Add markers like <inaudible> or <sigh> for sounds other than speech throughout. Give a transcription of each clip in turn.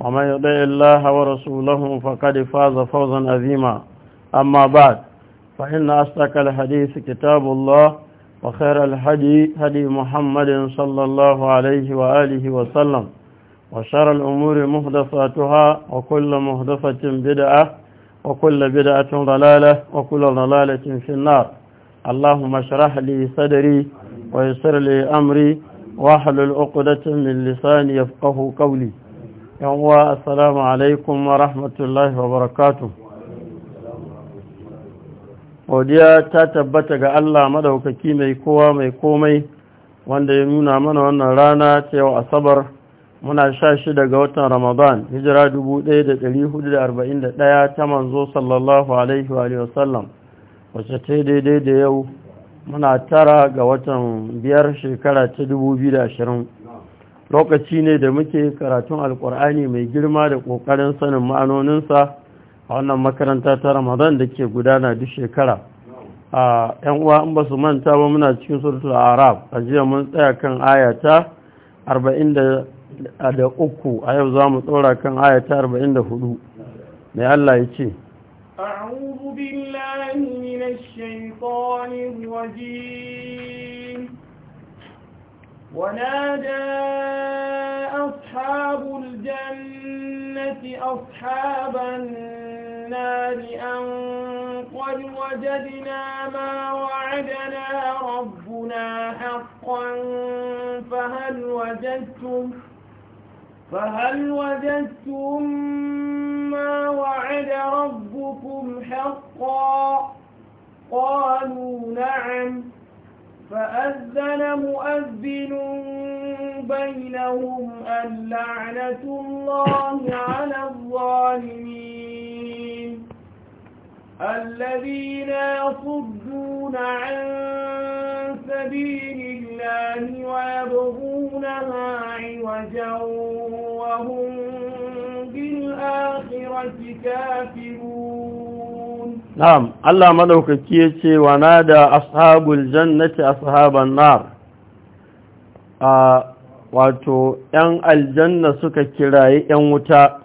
ومن يطع الله ورسوله فقد فاز فوزا عظيما أما بعد فإن أصدق الحديث كتاب الله وخير الهدي هدي محمد صلى الله عليه وآله وسلم وشر الأمور محدثاتها وكل محدثة بدعة وكل بدعة ضلالة وكل ضلالة في النار اللهم اشرح لي صدري ويسر لي أمري واحلل عقدة من لساني يفقه قولي yanwa assalamu alaikum wa rahmatullahi wa barakatu godiya ta tabbata ga Allah madaukaki mai kowa mai komai wanda ya nuna mana wannan rana ta yau asabar muna sha shi daga watan ramadan hijira 1441 ta manzo sallallahu alaihi wa sallam wacce ta yi daidai da yau muna tara ga watan biyar shekara ta 2020 lokaci ne da muke karatun alkur'ani mai girma da ƙoƙarin sanin ma'anoninsa a wannan makaranta ta ramadan da ke gudana duk shekara a yan uwa in ba su manta ba muna cikin suratul arab a jiya mun tsaya kan ayata 43 a yau za mu tsora kan ayata 44 mai allah ya ce أعوذ بالله من الشيطان الرجيم ونادى أصحاب الجنة أصحاب النار أن قد وجدنا ما وعدنا ربنا حقا فهل وجدتم فهل وجدتم ما وعد ربكم حقا قالوا نعم فأذن مؤذن بينهم اللعنة الله على الظالمين الذين يصدون عن سبيل الله ويبغونها عوجا وهم بالآخرة كافرون na'am Allah madaukaki ya ce wa na da ashabul jannati ashaban nar a wato ‘yan aljanna suka kiraye ‘yan wuta,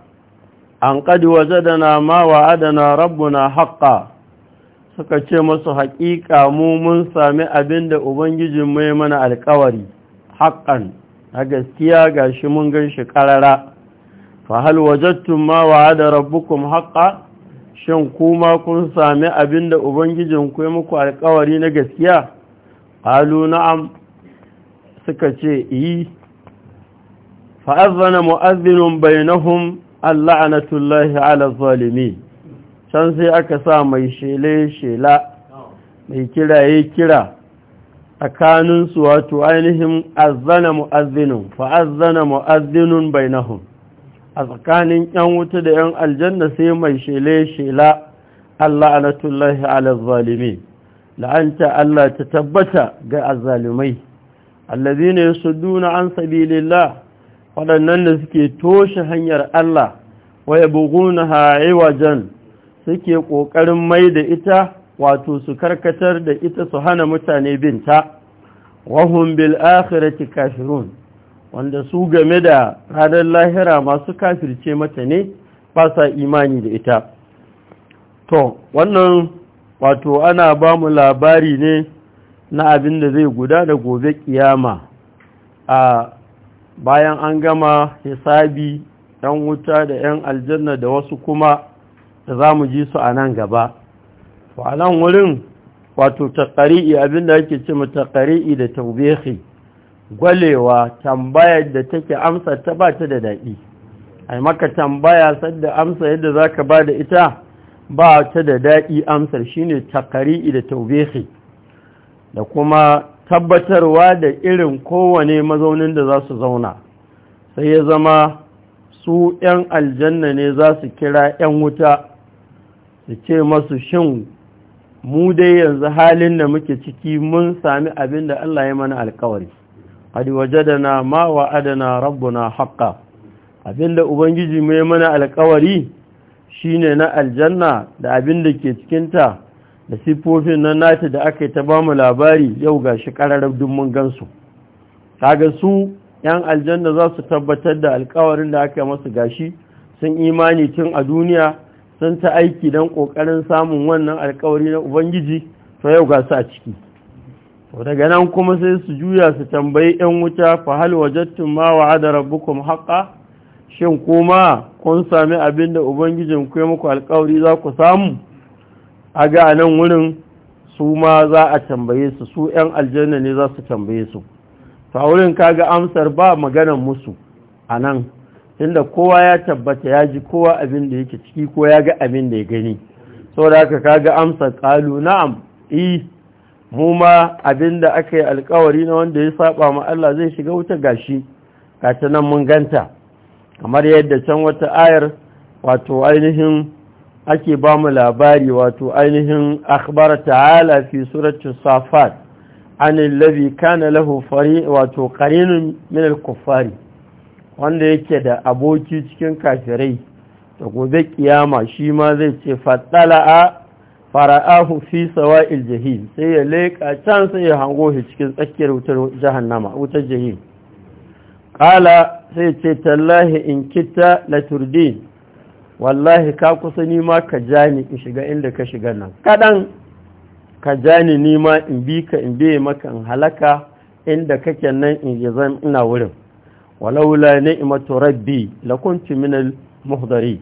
an ƙadi waje da na ma wa'adana rabbuna haƙa suka ce masu haƙiƙa mu mun sami abin da Ubangijin mai mana alƙawari, haƙan, a gaskiya ga shi mun gan shi ƙarara, fahal wajattun ma wa'ada rabbukum haƙa, shan kuma kun sami abin da ubangijin ku muku alkawari na gaskiya halu na'am suka ce yi fa'azana mu'azzinun bainahum alla'anatullahi ala zalimi can sai aka sa mai shele shela mai kiraye kira tsakaninsu wato ainihin azana mu'azzinun fa'azana mu'azzinun bainahum a tsakanin yan wuta da yan aljanna sai mai shele-shela Allah a ala zalimi la'anta Allah ta tabbata ga azzalimai allazina yasudduna an sabilillah waɗannan da suke toshe hanyar Allah wa yabghunaha wajen suke ƙoƙarin mai da ita wato su karkatar da ita su hana mutane binta wahum bil akhirati kafirun wanda su game da ranar lahira masu kafirce mata ne ba sa imani da ita to wannan wato ana ba mu labari ne na abin da zai guda da gobe kiyama a bayan an gama hisabi yan wuta da yan aljanna da wasu kuma da za mu ji su a nan gaba a nan wurin wato takari'i abin da ake ce mu takari'i da taubehi gwalewa tambayar da take amsa ta ba ta da daɗi ai maka tambaya sadda amsa yadda za ka ba da ita ba ta da daɗi amsar shine takari da taubehi da kuma tabbatarwa da irin kowane mazaunin da za su zauna sai ya zama su 'yan aljanna ne za su kira 'yan wuta su ce masu shin mu dai yanzu halin da muke ciki mun sami abin da Allah ya mana alkawari da na ma wa'adana rabbuna haqqan abinda ubangiji mai mana alkawari shine na aljanna da abinda ke cikin ta da sifofin nan nata da aka yi ta bamu labari yau gashi ƙararrab duk mun gansu kaga su yan aljanna za su tabbatar da alƙawarin da aka masu gashi sun imani tun a duniya sun ta aiki don ƙoƙarin samun wannan alƙawari na ubangiji to yau ga su a ciki daga nan kuma sai su juya su tambayi ‘yan wuta fahal wajattun ma wa'ada rabbukum haƙa shin kuma kun sami abin da ubangijin ku ya muku alkawari za ku samu a ga nan wurin su ma za a tambaye su su ‘yan aljanna ne za su tambaye su ta wurin kaga amsar ba maganan musu a nan inda kowa ya tabbata ya ji kowa abin da yake ciki ko ya ga abin da ya gani sau haka kaga amsar ƙalu na'am eh mu ma abinda aka yi alkawari na wanda ya saba ma Allah zai shiga wuta gashi gata nan mun ganta kamar yadda can wata ayar wato ainihin ake ba mu labari wato ainihin akhbar ta'ala fi surati safat an allazi kana lahu fari wato qarinun min al kuffar wanda yake da aboki cikin kafirai da gobe kiyama shi ma zai ce fatala fara'ahu fi sawa'il jahim sai ya leka can sai ya hango shi cikin tsakiyar wutar jahannama wutar jahim ƙala sai ce tallahi in kitta la turdin wallahi ka kusa nima ka jani in shiga inda ka shiga nan kaɗan ka jani nima in bi ka in biye maka in halaka inda kake nan in yi zan ina wurin walaula ni'imatu rabbi lakuntu minal muhdari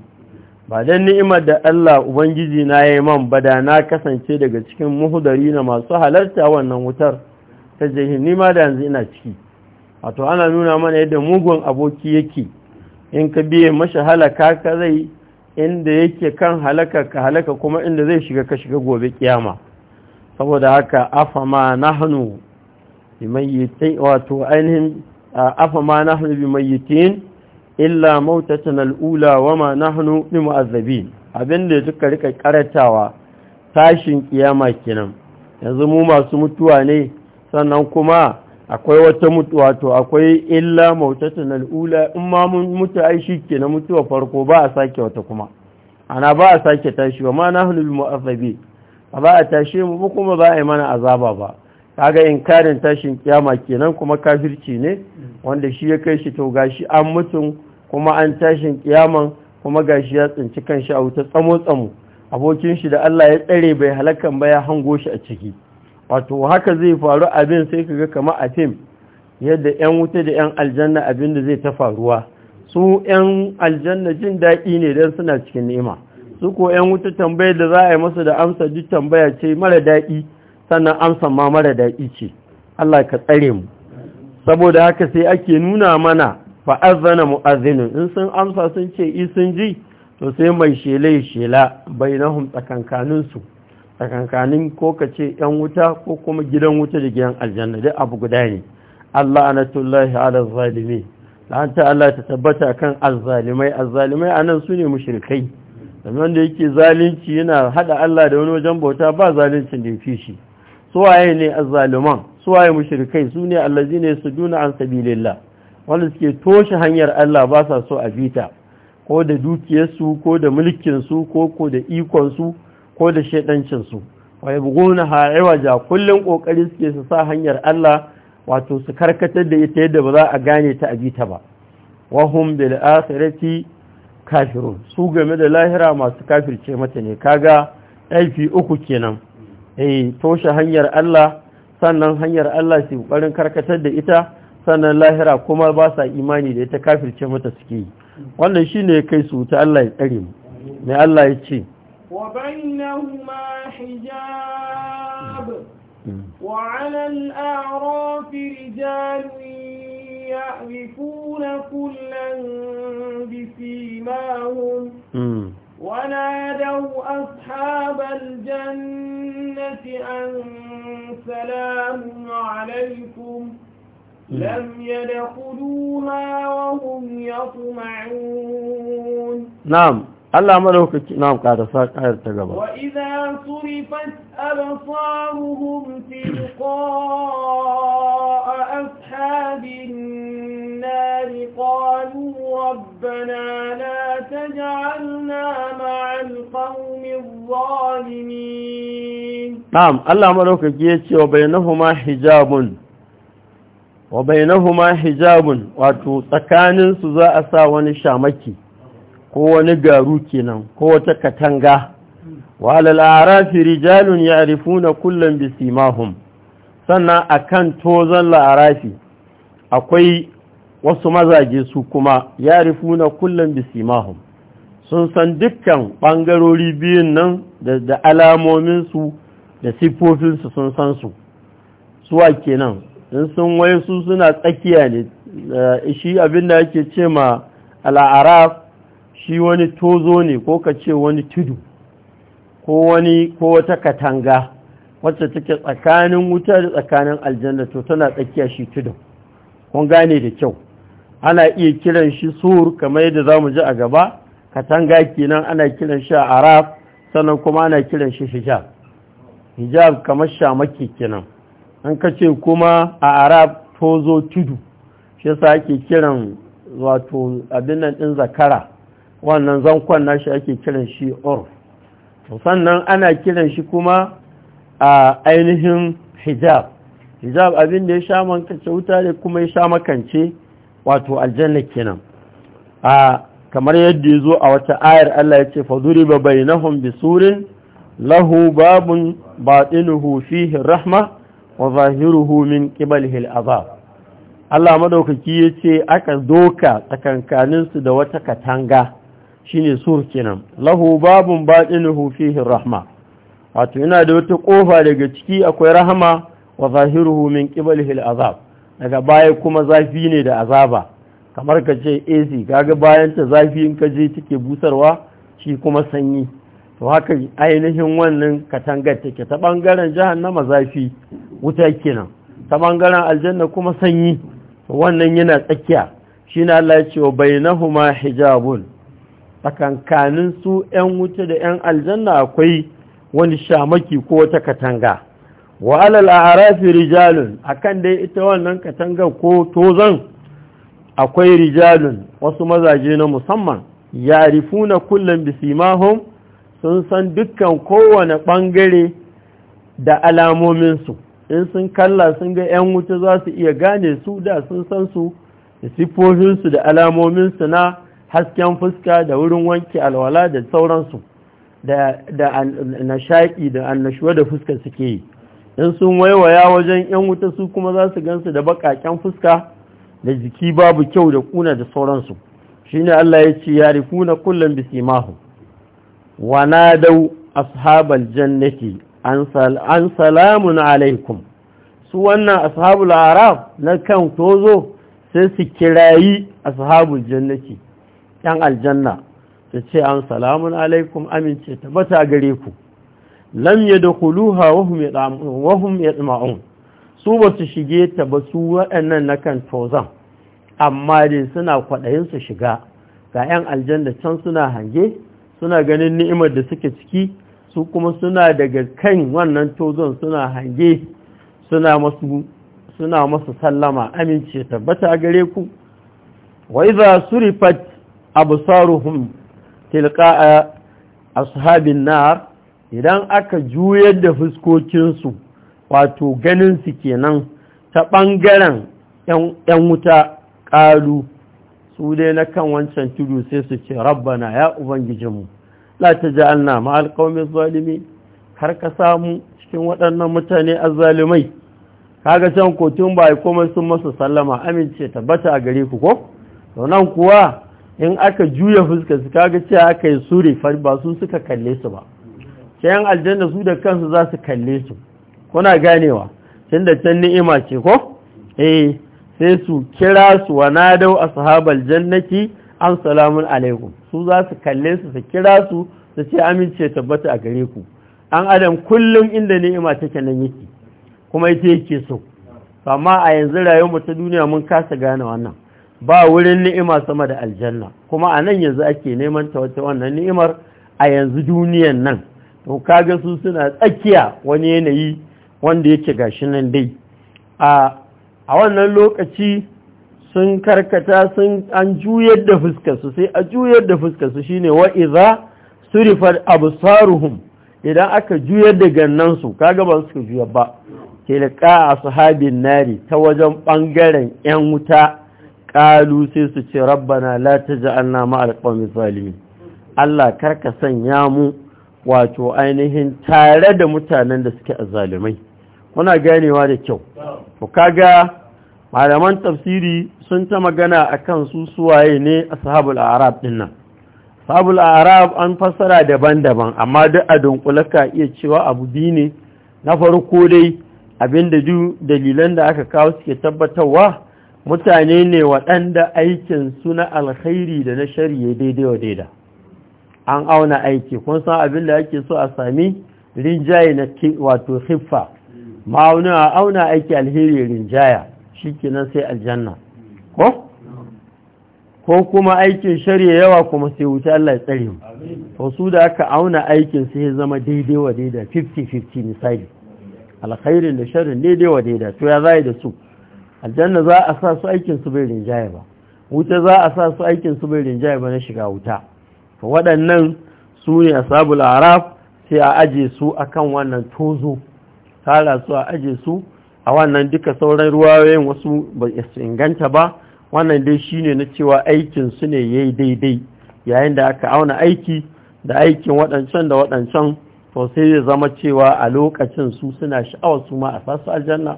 ba dan ni'imar da Allah Ubangiji na ya yi man bada na kasance daga cikin muhudari na masu halarta wannan wutar ta jihin nima da yanzu ina ciki wato ana nuna mana yadda mugun aboki yake in ka biye mashi halaka ka zai inda yake kan halaka ka halaka kuma inda zai shiga ka shiga gobe kiyama saboda haka afama nahnu hannu wato ainihin afama nahnu illa mautatan al'ula wa ma nahnu ni mu'azzabin abinda suka rika karatawa tashin kiyama kenan yanzu mu masu mutuwa ne sannan kuma akwai wata mutuwa to akwai illa mautatan al'ula in ma mutu mutu ai na mutuwa farko ba a sake wata kuma ana ba a sake tashi wa ma nahnu bi a ba a tashe mu ba kuma ba a yi mana azaba ba kaga inkarin tashin kiyama kenan kuma kafirci ne wanda shi ya kai shi to gashi an mutum kuma an tashin kiyaman kuma gashi ya tsinci kanshi a wuta tsamo-tsamo abokin shi da Allah ya tsare bai halakan ba ya hango shi a ciki wato haka zai faru abin sai kaga kamar a fim yadda 'yan wuta da 'yan aljanna abin da zai ta faruwa su 'yan aljanna jin daɗi ne don suna cikin niima su ko 'yan wuta tambayar da za a yi masa da amsa duk tambaya ce mara daɗi sannan amsa ma mara daɗi ce Allah ka tsare mu saboda haka sai ake nuna mana fa azana in sun amsa sun ce i sun ji to sai mai shela shela bainahum tsakankanin su tsakankanin ko ka yan wuta ko kuma gidan wuta da gidan aljanna dai abu guda ne Allah anatullahi ala zalimi ta Allah ta tabbata kan azzalimai azzalimai anan su ne mushrikai dan da yake zalunci yana hada Allah da wani wajen bauta ba zaluncin da yake shi waye ne azzaluman suwaye mushrikai su ne allazi ne su duna an sabilillah wanda suke toshe hanyar Allah ba sa so a bita ko da dukiyarsu ko da mulkinsu ko ko da ikonsu ko da shaidancinsu wai buguna ja kullum kokari suke su sa hanyar Allah wato su karkatar da ita yadda ba za a gane ta a bita ba wahum bil akhirati kafirun su game da lahira masu kafirce mata ne kaga aifi uku kenan eh toshe hanyar Allah sannan hanyar Allah su barin karkatar da ita Sannan lahira kuma ba sa imani da ita kafirce mata suke yi. Wannan shi ne kai sutu, Allah ya ɗarim. Me Allah ya ce. Kwabai na kuma hijab. Wannan aro firin jarumi ya yi kuna kullum bisimawun. Hmm. Wana dau Ashabar Jannati an salamu alaikum. لم يدخلوها وهم يطمعون نعم الله ملوك نعم قاعدة ساقير تقبل وإذا صرفت أبصارهم تلقاء أصحاب النار قالوا ربنا لا تجعلنا مع القوم الظالمين نعم الله ملوك يتي وبينهما حجاب wa bainahuma hijabun wato tsakanin su za a sa wani shamaki ko wani garu kenan ko wata katanga wa alal arafi rijalun ya'rifuna kullum bisimahum sannan akan tozan la'arafi akwai wasu mazaje su kuma ya'rifuna kullum bisimahun sun san dukkan bangarori biyun nan da alamomin su da siffofinsu sun san su suwa kenan in sun wai su suna tsakiya ne eh, shi abin da yake ce ma al'araf shi wani tozo ne ko ka ce wani tudu ko wani ko wata katanga wacce take tsakanin wuta da tsakanin aljanna to tana tsakiya shi tudu kun gane da kyau ana iya kiran shi sur kamar yadda za mu ji a gaba katanga kenan ana kiran shi a araf sannan kuma ana kiran shi hijab hijab kamar shamaki kenan an kace kuma a arab tozo tudu shi yasa ake kiran wato abin din zakara wannan zankon nashi ake kiran shi urf sannan ana kiran shi kuma a ainihin hijab hijab abin da ya sha makance wuta ne kuma ya sha makance wato aljanna kenan a kamar yadda ya zo a wata ayar Allah ya ce fazuri ba bainahum bisurin lahu babun batinuhu fihi rahma wa zahiruhu min qibalihi al'azab Allah madaukaki yace aka doka tsakankanin su da wata katanga shine sur kenan lahu babun batinuhu fihi rahma wato yana da wata kofa daga ciki akwai rahama wa zahiruhu min qibalihi al'azab daga baya kuma zafi ne da azaba kamar ka ce AC kaga bayan ta zafi in ka je take busarwa shi kuma sanyi to haka ainihin wannan katangar take ta ɓangaren jahannama zafi wuta kenan ta ɓangaren aljanna kuma sanyi wannan yana tsakiya shi na Allah ya ce wa bainahuma hijabun tsakankanin su 'yan wuta da 'yan aljanna akwai wani shamaki ko wata katanga wa alal arafi rijalun akan dai ita wannan katanga ko tozan akwai rijalun wasu mazaje na musamman yarifuna kullum bisimahum sun san dukkan kowane ɓangare da alamominsu in sun kalla sun ga 'yan wuta za su iya gane su da sun san su da siffofinsu da alamominsu na hasken fuska da wurin wanke alwala da sauransu da nashaƙi da annashuwa da fuska suke yi in sun waiwaya wajen 'yan wuta su kuma za su gan su da baƙaƙen fuska da jiki babu kyau da kuna da sauransu shine Allah ya ce ya rifuna kullum bisimahu wanadau ashabal jannati an salamun alaikum su wannan ashabul araf na kan tozo sai su kirayi ashabul jannati yan aljanna su ce an salamun alaikum amince tabbata gare ku lam yadkhuluha wa hum yatma'un su ba su shige ta ba su waɗannan na kan tozan amma dai suna kwaɗayin su shiga ga 'yan aljanna can suna hange suna ganin ni'imar da suke ciki su kuma suna daga kan wannan tozon suna hange suna masu suna masu sallama amince tabbata gare ku wa iza surifat absaruhum tilqa ashabin nar idan aka juyar da fuskokinsu wato ganin su kenan ta bangaren ‘yan wuta qalu su dai na kan wancan tudu sai su ce rabbana ya ubangijinmu la ta ji na ma alkawamin zalimi har ka samu cikin waɗannan mutane a Ka kaga can kotun ba komai sun masu sallama amince tabbata a gare ku ko nan kuwa in aka juya fuska su kaga ce aka yi fari ba su suka kalle su ba yan aljanna su da kansu za su kalle su kuna ganewa tun da can ni'ima ce ko eh sai su kira su wa nadau ashabal jannati an salamun alaikum su za su kalle su su kira su su ce amince tabbata a gare ku an adam kullum inda ni'ima take nan yake kuma ita yake so amma a yanzu rayuwar ta duniya mun kasa gane wannan ba wurin ni'ima sama da aljanna kuma a nan yanzu ake neman ta wata wannan ni'imar a yanzu duniyan nan to kaga su suna tsakiya wani yanayi wanda yake gashi nan dai a a wannan lokaci sun karkata sun an juyar da fuskarsu sai a juyar da fuskarsu shine wa idza surifat absaruhum idan aka juyar da gannansu kaga ba su juyar ba su ashabin nari ta wajen ɓangaren yan wuta qalu sai su ce rabbana la taj'alna ma'al qawmi zalimin Allah karka sanya mu wato ainihin tare da mutanen da suke azzalumai muna ganewa da kyau to kaga malaman tafsiri sun ta magana akan su suwaye ne sahabul arab din nan sahabul arab an fassara daban-daban amma duk a dunkulaka iya cewa abu bi ne na farko dai abinda duk dalilan da aka kawo suke tabbatarwa mutane ne waɗanda aikin suna alkhairi da na shari'a daidai wa daida an auna aiki kun san abin da ake so a sami rinjaye na wato hiffa ma'auna auna aiki alheri rinjaya shi kenan sai aljanna ko? ko kuma aikin shari'a yawa kuma sai wuce Allah ya tsare mu to da aka auna aikin sai zama daidai wa daida 50-50 misali alkhairin da sharrin daidai wa daida to ya zai da su aljanna za a sa su aikin su bai rinjaye ba wuta za a sa su aikin su bai rinjaye ba na shiga wuta to waɗannan su ne ashabul araf sai a aje su akan wannan tozo tara su a aje su a wannan duka sauran ruwayoyin wasu ba su inganta ba wannan dai shine na cewa aikin su ne yayi daidai yayin da aka auna aiki da aikin waɗancan da waɗancan to sai ya zama cewa a lokacin su suna sha'awa su ma a sasu aljanna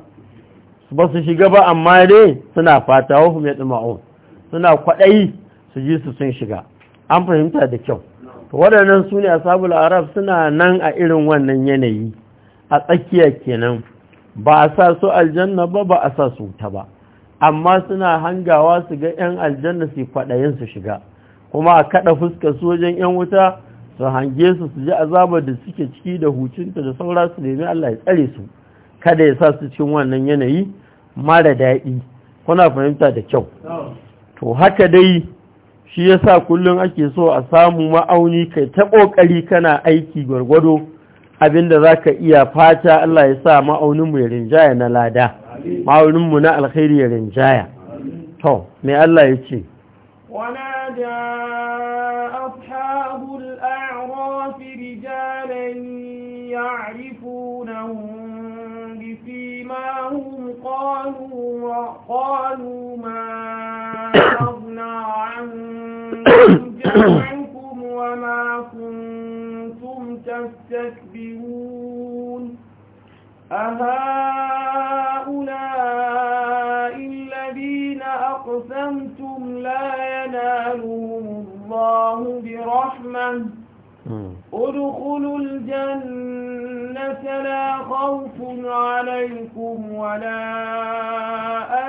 ba su shiga ba amma dai suna fata wa hum suna kwaɗayi su ji su sun shiga an fahimta da kyau to waɗannan su ne a sabu arab suna nan a irin wannan yanayi a tsakiya kenan ba a sa su aljanna ba ba a sa su wuta ba amma suna hangawa su ga 'yan aljanna su kwaɗayin su shiga kuma a kaɗa fuska su wajen 'yan wuta su hange su su ji azabar da suke ciki da hucinta da saura su nemi Allah ya tsare su kada ya sa su cikin wannan yanayi mara daɗi kuna fahimta da kyau to haka dai shi yasa kullum ake so a samu ma'auni kai ta ƙoƙari kana aiki gwargwado Abin da za ka iya fata Allah ya sa ma'auninmu ya rinjaya na lada ma'auninmu na alkhairi ya rinjaya to mai Allah ya ce ونادى أصحاب الأعراف رجالا يعرفونهم بسيماهم قالوا قالوا ما أغنى عنهم تستكبرون أهؤلاء الذين أقسمتم لا ينالهم الله برحمة ادخلوا الجنة لا خوف عليكم ولا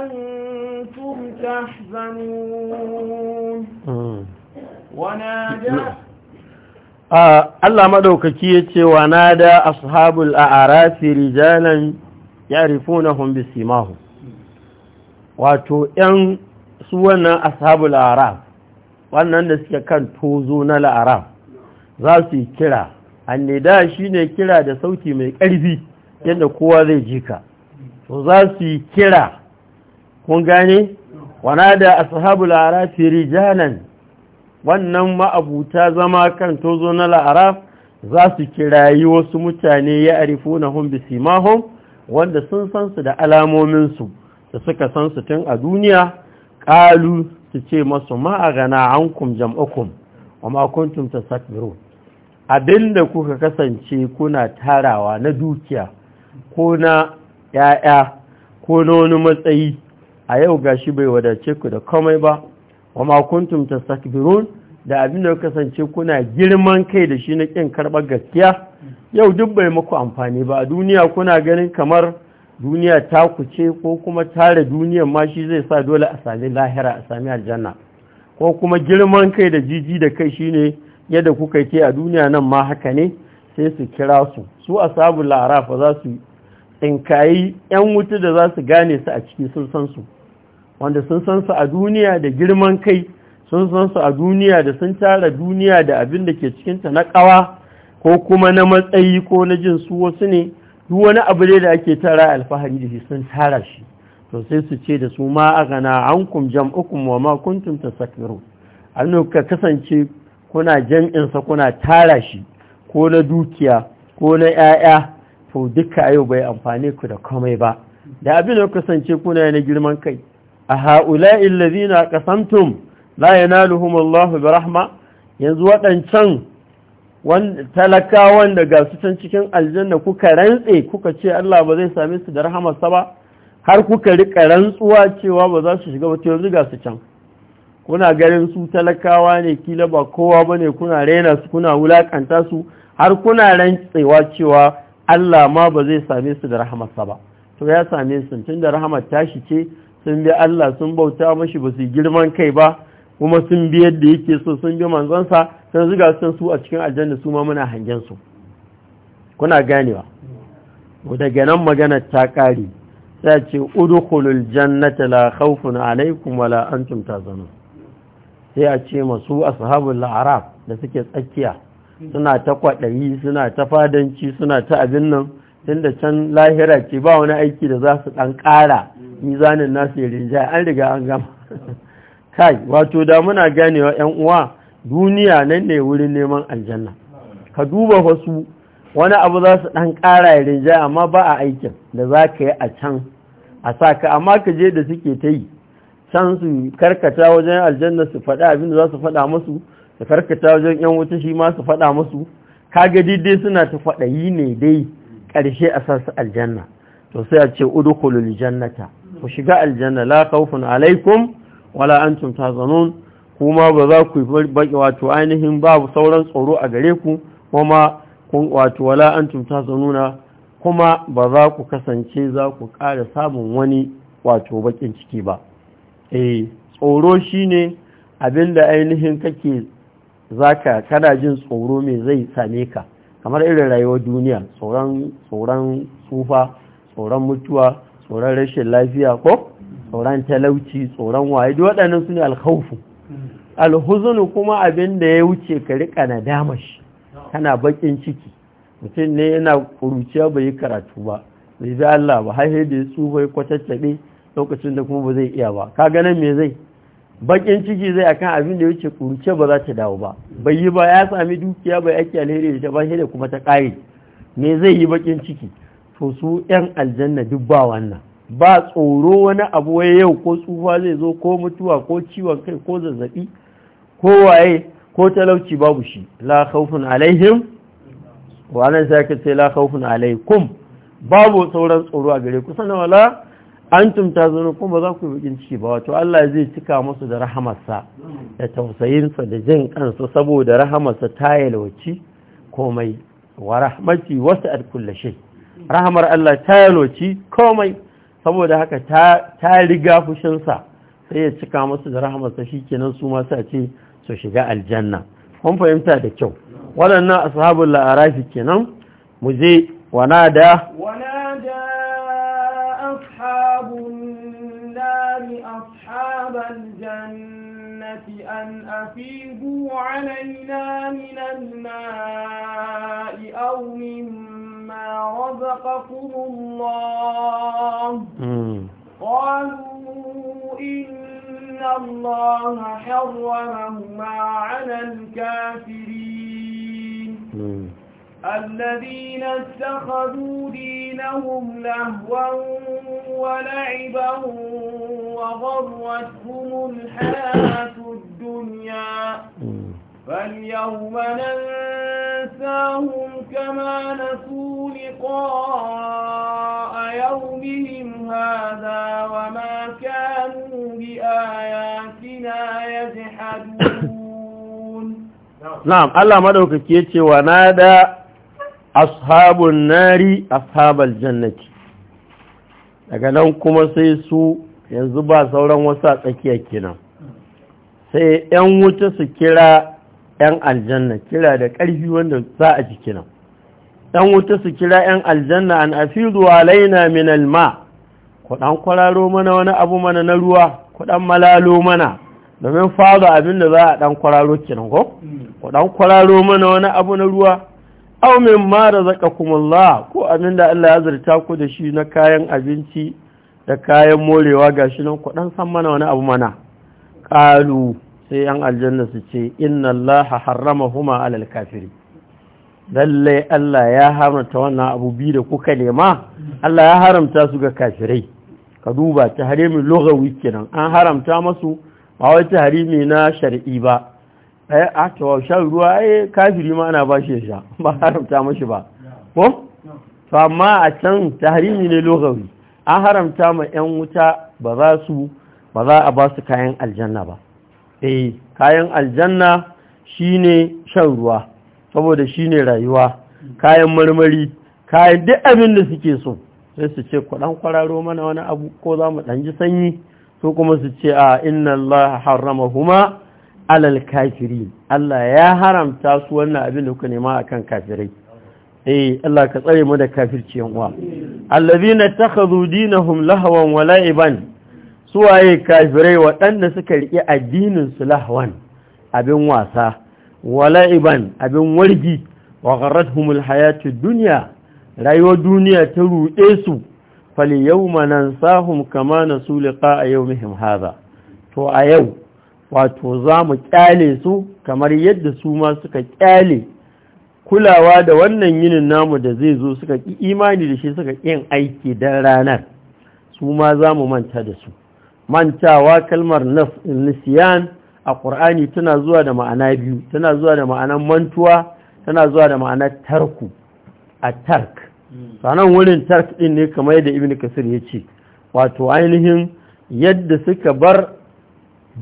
أنتم تحزنون ونادى Allah maɗaukaki ya ce wa na da ashabul a'arafi rijalan ya rifuna simahu wato ‘yan su wannan ashabul a'araf wannan da suke kan tozo na la'araf za su kira annida shi ne kira da sauki mai ƙarfi yadda kowa zai ji ka to za su kira kun gane wa na da ashabul a'arafi rijalan wannan ma'abuta zama kan tozo na la'araf za su yi wasu mutane ya arifu na bisimahun wanda sun san su da alamominsu da suka san su tun a duniya ƙalu su ce masu ma'agana an kum jam'akum wa makuntum ta abin abinda kuka kasance kuna tarawa na dukiya ko na ‘ya'ya ko na wani matsayi a yau gashi bai wadace ku da komai ba wa ma kuntum tastakbirun da abin da kasance kuna girman kai da shi na kin karbar gaskiya yau duk bai muku amfani ba a duniya kuna ganin kamar duniya ta ce ko kuma tare duniyar ma shi zai sa dole a sami lahira a sami aljanna ko kuma girman kai da jiji da kai shine yadda kuka ce a duniya nan ma haka ne sai su kira su su asabu la'arafa za su tsinkayi yan wuta da za su gane su a cikin sun san su wanda sun san su a duniya da girman kai sun san su a duniya da sun tara duniya da abin da ke cikinta na ƙawa ko kuma na matsayi ko na jin su wasu ne duk wani abu da ake tara alfahari da shi sun tara shi to sai su ce da su ma aka na ankum jam'ukum wa ma kuntum tasakkiru an ka kasance kuna jam'in sa kuna tara shi ko na dukiya ko na 'ya'ya to duka yau bai amfane ku da komai ba da abin da kasance kuna na girman kai a ha'ula'il lazina kasantum la yanaluhum Allahu bi rahma yanzu waɗancan talakawan da ga su can cikin aljanna kuka rantse kuka ce Allah ba zai same su da rahamarsa ba har kuka rika rantsuwa cewa ba za su shiga ba yanzu ga su can kuna garin su talakawa ne kila ba kowa bane kuna rena su kuna wulakanta su har kuna rantsewa cewa Allah ma ba zai same su da rahamarsa ba to ya same su tun da rahamar tashi ce sun bi Allah sun bauta mashi ba su girman kai ba kuma sun bi yadda yake so sun bi manzonsa sun zuga sun su a cikin aljanna su ma muna hangen su kuna ganewa daga nan magana ta kare sai ce udkhulul jannata la khawfun alaykum wala antum tazanun sai a ce masu ashabul la'arab da suke tsakiya suna ta kwaɗayi suna ta fadanci suna ta abin nan tunda can lahira ce ba wani aiki da za su ɗan ƙara mizanin nasu ya rinja an riga an gama kai wato da muna ganewa yan uwa duniya nan ne wurin neman aljanna ka duba wasu wani abu za su dan kara ya rinja amma ba a aikin da za ka yi a can a sa ka amma ka je da suke ta yi can su karkata wajen aljanna su faɗa abin da za su faɗa musu su karkata wajen yan wuta shi ma su faɗa musu ga dai suna ta yi ne dai ƙarshe a sa su aljanna to sai a ce udkhulul jannata ku shiga aljanna la khawfun alaikum wala antum tahzanun kuma ba za ku baki wato ainihin babu sauran tsoro a gare ku kuma kun wato wala antum tahzanuna kuma ba za ku kasance za ku ƙara samun wani wato bakin ciki ba eh tsoro shine abinda ainihin kake zaka kana jin tsoro me zai same ka kamar irin rayuwar duniya tsoron tsufa tsoron mutuwa tsoron rashin lafiya ko tsoron talauci tsoron waye duk waɗannan su ne alkhawfu alhuzunu kuma abin da ya wuce ka riƙa nadama shi kana bakin ciki mutum ne yana kuruciya bai yi karatu ba bai bi Allah ba har da ya tsufa ya kwataccaɓe lokacin da kuma ba zai iya ba ka ganin me zai bakin ciki zai akan abin da ya wuce kuruciya ba za ta dawo ba bai yi ba ya sami dukiya bai ake alheri da ta ba shi da kuma ta ƙari me zai yi bakin ciki to su 'yan aljanna duk ba wannan ba tsoro wani abu wai yau ko tsufa zai zo ko mutuwa ko ciwon kai ko zazzabi ko waye ko talauci babu shi la khawfun alaihim wa nan sai ka ce la khawfun alaikum babu sauran tsoro a gare ku sanan wala antum tazunu kuma ba za ku bikin ciki ba wato Allah zai cika musu da rahamarsa da tausayinsa da jin kansu saboda rahamarsa ta yalwaci komai wa rahmati wasa'at kulli shay' rahamar Allah ta yaloci komai saboda haka ta riga fushinsa sai ya cika musu da rahamarsa shi kenan su masu ce su shiga aljanna kun fahimta da kyau waɗannan ashabul la'arafi kenan mu je wana da wana da ashabun nari ashabal jannati an ما رزقكم الله قالوا إن الله حرمهما على الكافرين الذين اتخذوا دينهم لهوا ولعبا وغرتهم الحياة الدنيا فاليوم ننساهم كما نسوا لقاء يومهم هذا وما كانوا بآياتنا يجحدون نعم الله دوك كيتي ونادى أصحاب النار أصحاب الجنة daga nan kuma sai su yanzu ba sauran wasu a tsakiya kinan. sai 'yan wuta su kira 'yan aljanna kira da ƙarfi wanda za a ji kinan. ɗan wuta su kira ‘yan aljanna an afiru alaina min alma ɗan kwararo mana wani abu mana na ruwa ɗan malalo mana domin faru abin da za a ɗan kwararo kinan ko ɗan kwararo mana wani abu na ruwa au min mara zaka ko abin da Allah ya zarta ku da shi na kayan abinci da kayan morewa ga shi nan ɗan san mana wani abu mana ƙalu sai ‘yan aljanna su ce inna Allah harrama huma alal kafiri lallai Allah ya haramta wannan abu biyu da kuka nema Allah ya haramta su ga kafirai ka duba ta harimi lugawi kenan an haramta masu ba wai ta harimi na shar'i ba eh a to shan ruwa eh kafiri ma ana ba shi sha ba haramta mashi ba ko to amma a can ta harimi ne lugawi an haramta ma yan wuta ba za su ba za a ba su kayan aljanna ba eh kayan aljanna shine shan ruwa saboda shi ne rayuwa kayan marmari kayan duk abin da suke so sai su ce ku kwararo mana wani abu ko za mu ɗan sanyi su kuma su ce a inna Allah harrama huma alal kafiri Allah ya haramta su wannan abin da kuka nema akan kafirai eh Allah ka tsare mu da kafirci yan uwa allazina takhadhu dinahum lahawan wala su suwaye kafirai waɗanda suka riƙe addinin su lahawan abin wasa wala'iban abin wargi wa humul 'Hayatu, duniya, rayuwar duniya ta ruɗe su fali yau yawma sahun kama a yau mihim haza to a yau wato za mu ƙyale su kamar yadda su ma suka ƙyale kulawa da wannan yinin namu da zai zo suka ƙi imani da shi suka ƙin aiki don ranar su ma za mu manta da su mantawa kalmar nisiyan a ƙur'ani tana zuwa da ma'ana biyu tana zuwa da ma'anan mantuwa tana zuwa da ma'anar tarku a tark sanan hmm. wurin tark ɗin ne kamar yadda ibn kasir ya ce wato ainihin yadda suka bar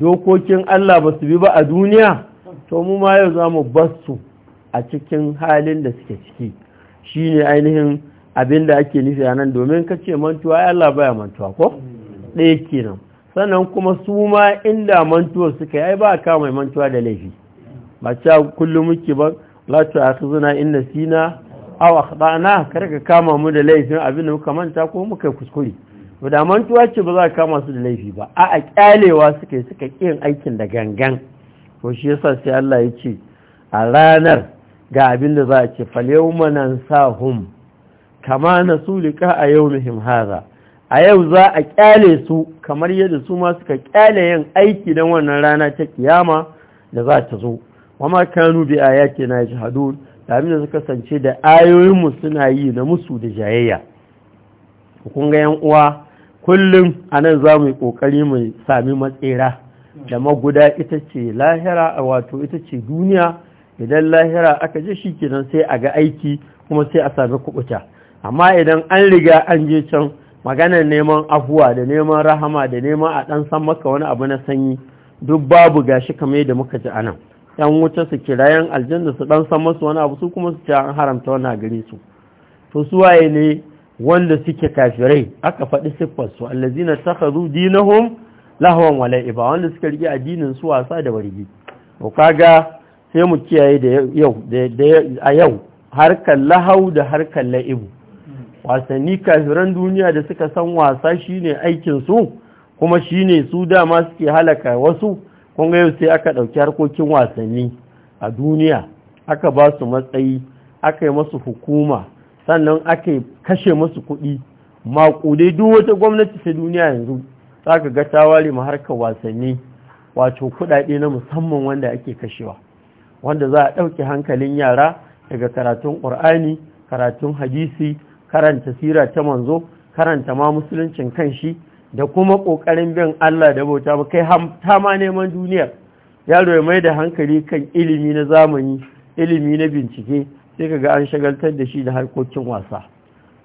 dokokin Allah ba su bi ba a duniya to mu ma yau za mu basu a cikin halin da suke ciki shine ainihin abin da ake nufi a nan domin kace mantuwa ya Allah baya mantuwa ko hmm. ɗaya kenan sannan kuma su ma inda mantuwa suka yi ba ka mai mantuwa da laifi ba cewa kullum muke ba lati a zina inda sina aw akhdana karka kama mu da laifin abinda muka manta ko muka yi kuskure Ba da mantuwa ce ba za ka kama su da laifi ba a a kyalewa suka yi suka ƙin aikin da gangan ko shi yasa sai Allah ya ce a ranar ga abin da za a ce fal yawma kama nasu liqa a yawmihim hadha a yau za a kyale su kamar yadda su ma suka kyale yin aiki don wannan rana ta kiyama da za ta zo wama kanu bi ayati na dami da su kasance da ayoyinmu suna yi na musu da jayayya kun ga yan uwa kullum a nan za mu yi kokari mu sami matsera da maguda ita ce lahira a wato ita ce duniya idan lahira aka je shi kenan sai a ga aiki kuma sai a sami kubuta amma idan an riga an je can maganar neman afuwa da neman rahama da neman a ɗan san maka wani abu na sanyi duk babu gashi kamar yadda muka ji anan yan wuce su kirayen aljanna su ɗan san masu wani abu su kuma su ci an haramta wani a gare su to su waye ne wanda suke kafirai aka faɗi su allazina takhadhu dinahum lahwan wa la'iba wanda suka rike addinin su wasa da wargi to kaga sai mu kiyaye da yau a yau harkar lahau da harkar la'ibu wasanni kafiran duniya da suka san wasa shine aikin su kuma shine su dama suke halaka wasu kunga yau sai aka ɗauki harkokin wasanni a duniya aka ba su matsayi aka yi masu hukuma sannan aka kashe masu kuɗi maƙudai duk wata gwamnati ta duniya yanzu za ka ga tawari ma harkar wasanni wato kuɗaɗe na musamman wanda ake kashewa wanda za a ɗauke hankalin yara daga karatun ƙur'ani karatun hadisi karanta sira ta manzo karanta ma musuluncin shi, da kuma ƙoƙarin bin Allah da bauta ba kai ta ma neman duniya yaro ya mai da hankali kan ilimi na zamani ilimi na bincike sai ka ga an shagaltar da shi da harkokin wasa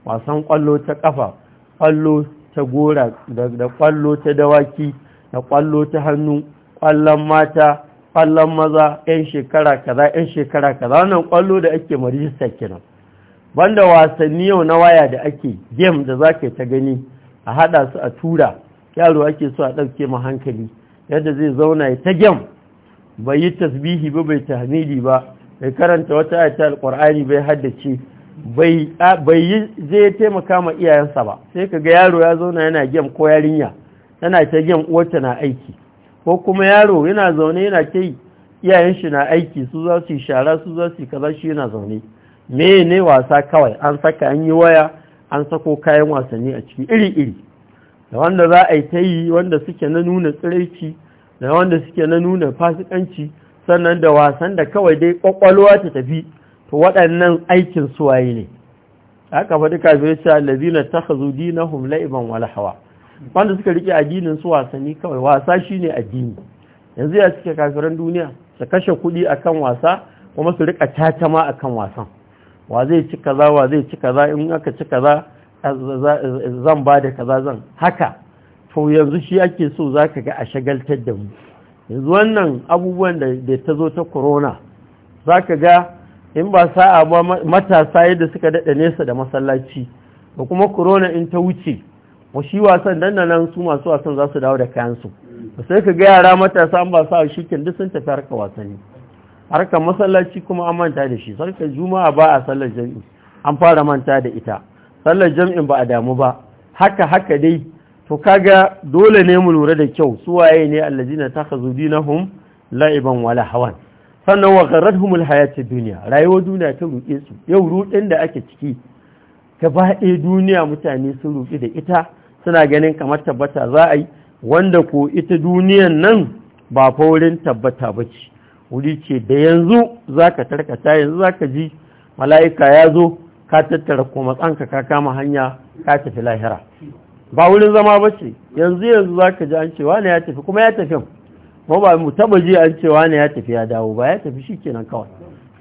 wasan ƙwallo ta ƙafa ƙwallo ta gora da ƙwallo ta dawaki da ƙwallo ta hannu ƙwallon mata ƙwallon maza 'yan shekara kaza 'yan shekara kaza wannan ƙwallo da ake marijistar kenan banda wasanni yau na waya da ake game da zaka ta gani a hada su a tura yaro ake so a ɗauke ma hankali yadda zai zauna ya ta game bai yi tasbihi ba bai tahmidi ba bai karanta wata ayata Alƙur'ani bai haddace bai yi zai taimaka ma iyayensa ba sai ka ga yaro ya zauna yana gem ko yarinya yana ta gem uwarta na aiki ko kuma yaro yana zaune yana ta iyayen shi na aiki su za su yi shara su za su yi kaza shi yana zaune mene wasa kawai an saka an yi waya an sako kayan wasanni a ciki iri-iri da wanda za a yi ta yi wanda suke na nuna tsiraici da wanda suke na nuna fasikanci sannan da wasan da kawai dai kwakwalwa ta tafi to waɗannan aikin suwaye ne aka faɗi kafin cewa lazina ta hazu dinahum la'iban wal hawa wanda suka rike addinin su wasanni kawai wasa shine addini yanzu ya suke kafiran duniya su kashe kuɗi akan wasa kuma su rika tatama akan wasan wa zai ci kaza wa zai ci kaza in aka ci kaza zan ba da kaza zan haka to yanzu shi ake so za ka ga a shagaltar da mu yanzu wannan abubuwan da ta zo ta corona za ka ga in ba sa'a ba matasa yadda suka daɗa nesa da masallaci da kuma corona in ta wuce wa shi wasan dan nan su masu wasan za su dawo da kayansu sai ka ga yara matasa an ba sa shi kin duk sun tafi harka wasanni harkar masallaci kuma an manta da shi sarkar juma'a ba a sallar jam'i an fara manta da ita sallar jam'in ba a damu ba haka haka dai to kaga dole ne mu lura da kyau su waye ne allazina takhazu dinahum la'iban wala hawan sannan wa gharratuhumul hayatud dunya rayuwar duniya ta ruke su yau ruɗin da ake ciki gaba ɗaya duniya mutane sun ruɗe da ita suna ganin kamar tabbata za a yi wanda ko ita duniyan nan ba faurin tabbata ba ce wuri ce da yanzu za ka tarkata yanzu za ka ji mala'ika ya zo ka tattara matsanka ka kama hanya ka tafi lahira ba wurin zama ba ce yanzu yanzu za ka ji an cewa ne ya tafi kuma ya tafi ma ba mu taba ji an cewa ne ya tafi ya dawo ba ya tafi shi kenan kawai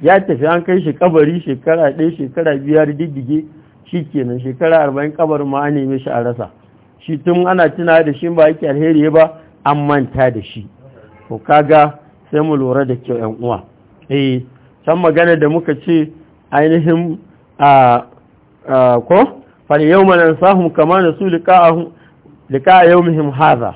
ya tafi an kai shi kabari shekara ɗaya shekara biyar diddige shi kenan shekara arba'in kabarin ma an neme shi a rasa shi tun ana tuna da shi ba yake alheri ba an manta da shi to kaga sai mu lura da kyau yan uwa eh san magana da muka ce ainihin a ko fal yawma nansahum kama nasu liqa'ahum liqa'a yawmihim hadha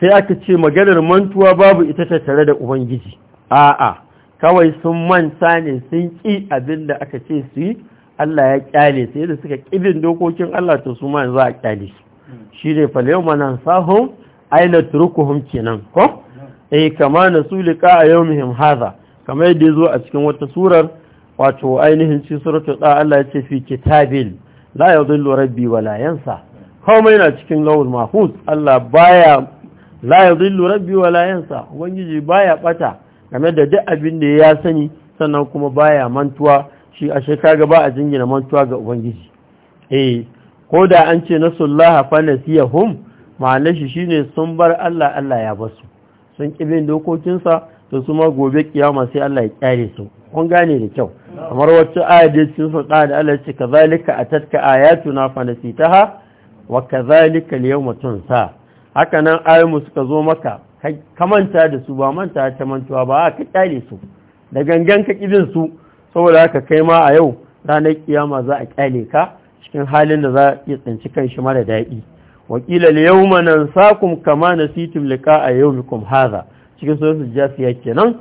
sai aka ce maganar mantuwa babu ita tare da ubangiji a'a kawai sun manta ne sun ki abinda aka ce su yi Allah ya kyale sai da suka kibin dokokin Allah to su ma za a kyale shi shine fal yawma nansahum aina turukuhum kenan ko eh kama na sulika a yau muhim haza kama yadda ya zo a cikin wata surar wato ainihin cikin suratul da Allah ya ce fi kitabil la yadhillu rabbi wa yansa komai yana cikin lawul Mahud Allah baya la yadhillu rabbi wa yansa ubangiji baya bata game da duk abin da ya sani sannan kuma baya mantuwa shi a shekara ba a jingina mantuwa ga ubangiji eh ko da an ce nasullaha fa Hum ma'anar shi shine sun bar Allah Allah ya basu sun ƙi bin dokokinsa to su ma gobe kiyama sai Allah ya kyare su kun gane da kyau kamar wacce aya da cikin sun da Allah ya ce ka a kazalika atatka ayatuna ta ha wa ka kazalika al mutum sa. haka nan mu suka zo maka ka manta da su ba manta ta mantuwa ba ka kyale su da gangan ka kibin su saboda haka kai ma a yau ranar kiyama za a kyale ka cikin halin da za a iya tsinci kan shi mara daɗi wakila li yawma nansakum kama nasitum liqa'a yawmikum hadha cikin suratul jasiya kenan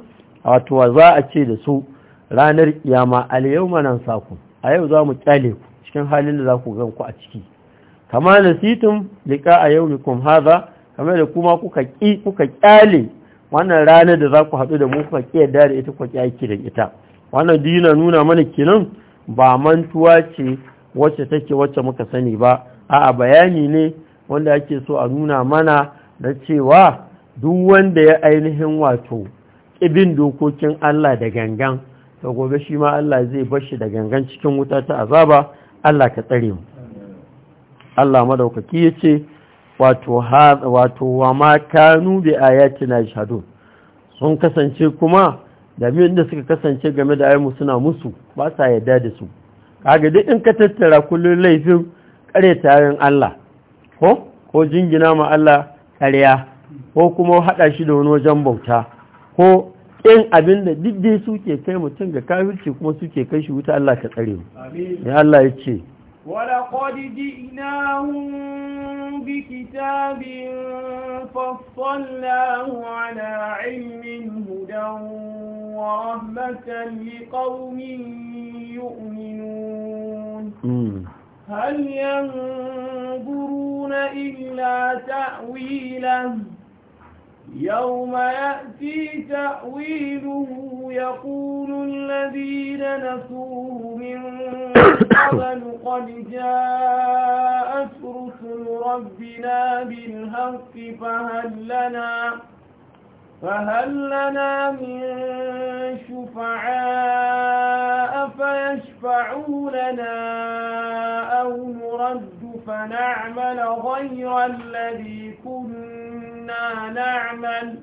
wato za a ce da su ranar kiyama al yawma nansakum a yau za mu kyale ku cikin halin da za ku gan ku a ciki kama nasitum liqa'a yawmikum hadha kamar da kuma kuka ki kuka kyale wannan ranar da za ku haɗu da mu kuka ki yadda da ita kuka ki aiki da ita wannan dina nuna mana kenan ba mantuwa ce wacce take wacce muka sani ba a'a bayani ne wanda ake so a nuna mana na cewa duk wanda ya ainihin wato ibin dokokin Allah da gangan to gobe shi ma Allah zai bar shi da gangan cikin wuta ta azaba Allah ka tsare mu Allah madaukaki yace wato wato wa ma kanu bi ayatina shahadun sun kasance kuma da da suka kasance game da ayyamu suna musu ba sa yarda da su kaga duk in ka tattara kullun laifin kare tayin Allah ko ko jingina ma Allah ƙarya ko kuma haɗa shi da wani wajen bauta ko ƙin abin da duk dai suke kai mutum ga kafirci kuma suke kai shi wuta Allah ka tsare mu ya Allah ya ce ولقد جئناهم بكتاب فصلناه على علم هدى ورحمة لقوم يؤمنون هل ينظرون إلا تأويله يوم يأتي تأويله يقول الذين نسوه من قبل قد جاءت رسل ربنا بالهق فهل لنا فهل لنا من شفعاء فيشفعوا لنا أو نرد فنعمل غير الذي كنا نعمل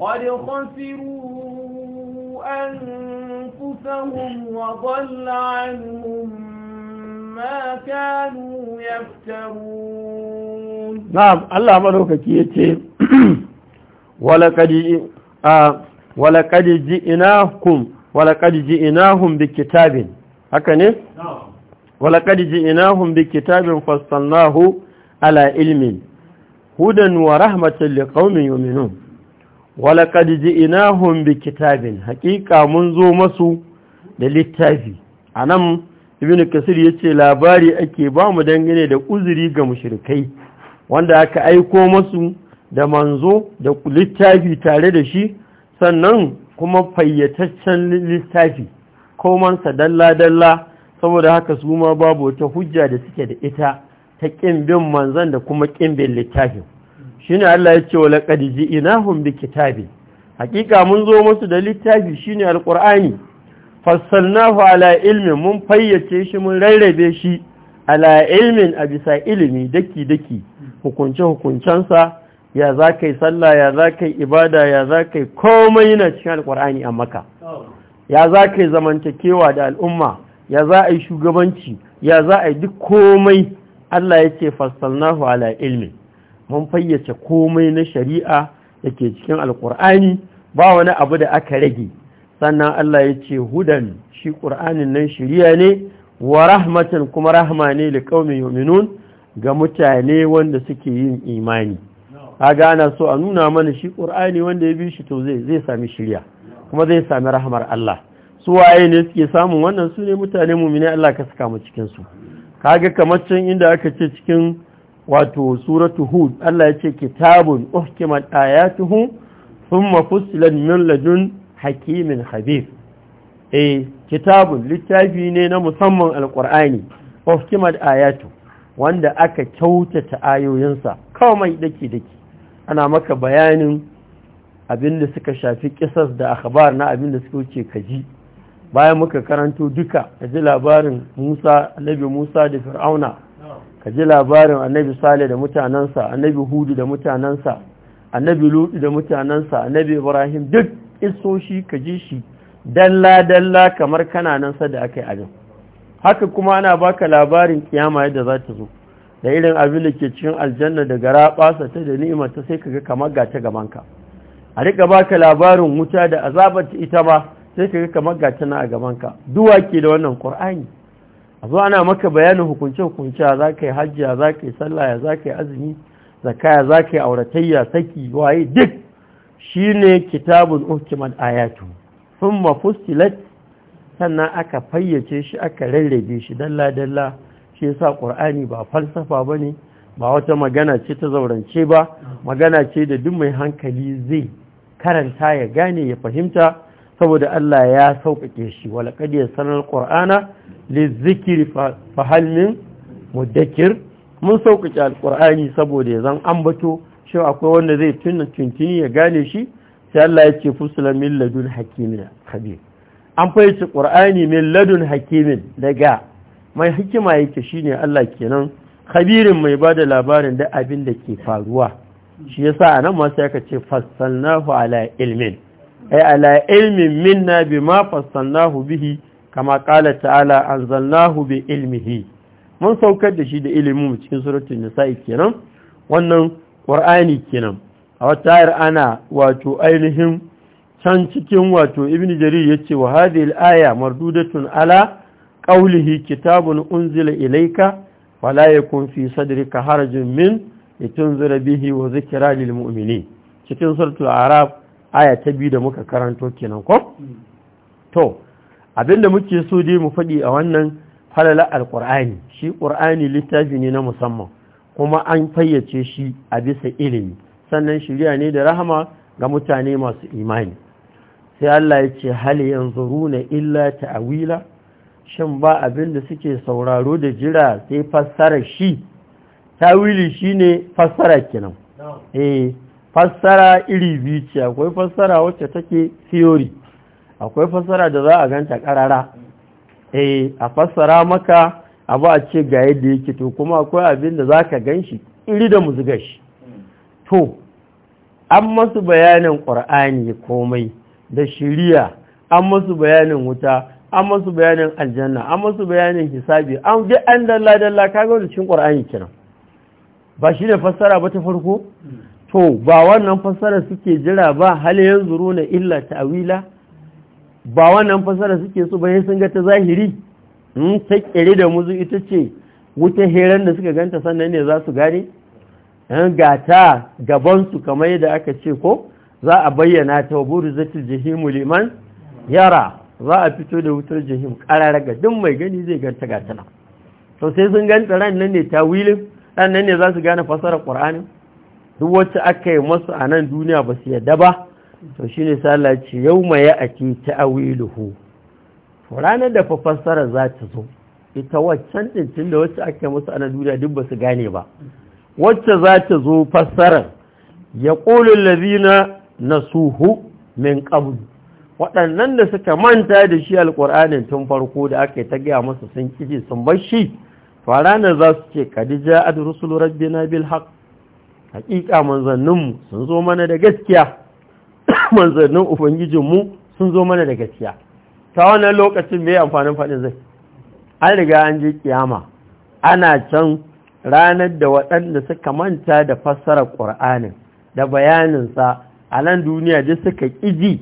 قد خسروا أنفسهم وضل عنهم ما كانوا يفترون نعم الله ملوكك يتيم <clears throat> walaƙad ji'inahum walaƙad bi kitabin haka ne bi kitabin ala ilmin hudan wa rahmatan liqaumin yu'minun walaƙad ji'inahum bi kitabin haƙiƙa mun zo masu da littafi anan ibn kasir ce labari ake ba mu dangane da uzuri ga mushrikai wanda aka aiko masu da manzo da littafi tare da shi sannan kuma fayyataccen littafi komansa dalla-dalla saboda haka su ma babu wata hujja da suke da ita ta ƙimbin bin manzan da kuma ƙimbin bin littafin shi ne Allah ya ce wa ina hun bi kitabi hakika mun zo masu da littafi shi ne alƙur'ani fassalnahu ala ilmin mun fayyace shi mun rarrabe shi ala ilmin a bisa ilimi daki-daki hukunce-hukuncensa ya za ka yi sallah ya za ka yi ibada ya za ka yi komai yana cikin alkur'ani a maka ya za ka yi zamantakewa da al'umma ya za a yi shugabanci ya za a yi duk komai Allah ya ce fasalnahu ala ilmi mun fayyace komai na shari'a da ke cikin alkur'ani ba wani abu da aka rage sannan Allah ya ce hudan shi ƙur'anin nan shirya ne wa rahmatan kuma rahma ne da ƙaumin yominun ga mutane wanda suke yin imani a gana so a nuna mana shi ƙur'ani wanda ya bi shi to zai sami shirya kuma zai sami rahmar Allah su waye ne suke samun wannan su ne mutane mu'mini Allah ka saka mu cikin su kaga kamar can inda aka ce cikin wato suratu hud Allah ya ce kitabun uhkimat ayatuhu thumma fusilat min ladun hakimin habib eh kitabun littafi ne na musamman alqur'ani uhkimat ayatu wanda aka kyautata ayoyinsa kawai dake dake ana maka bayanin abin da suka shafi kisas da akhbar na abin da suka wuce kaji bayan muka karanto duka ka ji labarin musa annabi musa da fir'auna ka ji labarin annabi sale da mutanensa annabi hudu da mutanensa annabi lodi da mutanensa annabi ibrahim duk isoshi ka ji shi dalla-dalla kamar kananan da aka yi abin haka kuma ana baka labarin kiyama yadda za ta zo da irin abin da ke cikin aljanna da gara ta da ni'ima ta sai kaga kamar gace gabanka a rika baka labarin wuta da azabar ta ita ba sai kaga kamar gace na a gabanka duwa ke da wannan qur'ani a zo ana maka bayanin hukunce hukunce za ka yi hajji za ka yi sallah za ka yi azumi zakaya za ka yi auratayya saki waye duk shine kitabun uhkimat ayatu thumma fustilat sannan aka fayyace shi aka rarrabe shi dalla dalla shi yasa qur'ani ba falsafa ba ne ba wata magana ce ta zaurance ba magana ce da duk mai hankali zai karanta ya gane ya fahimta saboda Allah ya sauƙaƙe shi wala sanar yasanal qur'ana lizikri fa hal min mudakkir mun sauƙaƙe alƙur'ani saboda ya zan ambato shi akwai wanda zai tunna tuntuni ya gane shi sai Allah ya ce fusulan min ladun hakimin khabir an fahimci ƙur'ani min ladun hakimin daga mai hikima yake shine Allah kenan khabirin mai ba da labarin da abin da ke faruwa shi yasa a nan sai yaka ce fassalnahu ala ilmin ay ala ilmin minna bima fassalnahu bihi kama qala ta'ala anzalnahu bi ilmihi mun saukar da shi da ilimin cikin suratul nisa'i kenan wannan qur'ani kenan a wata ayar ana wato ainihin can cikin wato ibnu jarir yace wa hadhihi al-aya mardudatun ala قوله kitabun unzila اليك wala yakun fi صدرك حرج min litunzira bihi wa للمؤمنين cikin suratul araf aya ta biyu da muka karanto kenan ko to abinda muke so dai mu faɗi a wannan falala alqur'ani shi qur'ani littafi ne na musamman kuma an fayyace shi a bisa ilimi sannan shirya ne da rahama ga mutane masu imani sai Allah ya ce hali yanzu runa illa ta'awila shin ba abin da suke sauraro da jira sai fassara shi tawili ne fassara kenan eh fassara iri biyu ce akwai fassara wacce take theory akwai fassara da za a ganta karara eh a fassara maka abu a ce ga yadda yake to kuma akwai abin da za ka gan shi iri da muzuga shi hmm. to an masu bayanin ƙur'ani komai da shiriya an masu bayanin wuta an masu bayanin aljanna an masu bayanin hisabi an ji an dalla dalla kaga wani cikin qur'ani kiran ba shi ne fassara ba ta farko to ba wannan fassara suke jira ba hal yanzu na illa ta'wila ba wannan fassara suke so ba sun ga ta zahiri in hmm, ta kire da muzu ita ce wuta heran da suka ganta sannan ne za su gane an gata gaban su kamar yadda aka ce ko za a bayyana ta buru zatil jahimu liman yara za a fito da wutar jihim ƙararraga duk mai gani zai ganta ga tana to sai sun ganta ran nan ne ta wilin ran nan ne za su gane fasarar ƙur'ani. duk wacce aka yi masu a nan duniya ba su yadda ba to shi ne sala ce yau ma ya ake ta'awiluhu ranar da fa za ta zo ita waccan ɗin da wacce aka yi masu a nan duniya duk ba su gane ba wacce za ta zo fassarar ya ƙolin lazina na suhu min ƙabu waɗannan da suka manta da shi alƙur'anin tun farko da aka ta gaya masa sun kiji sun bar shi ranar za su ce kadija ad rusul rabbina bil haqq haƙiƙa manzanninmu sun zo mana da gaskiya <coughs> manzannin ubangijinmu sun zo mana da gaskiya ta wannan lokacin mai amfanin faɗin zai an riga an je kiyama ana can ranar da waɗanda suka manta da fassarar ƙur'anin da bayaninsa a nan duniya duk suka ƙiji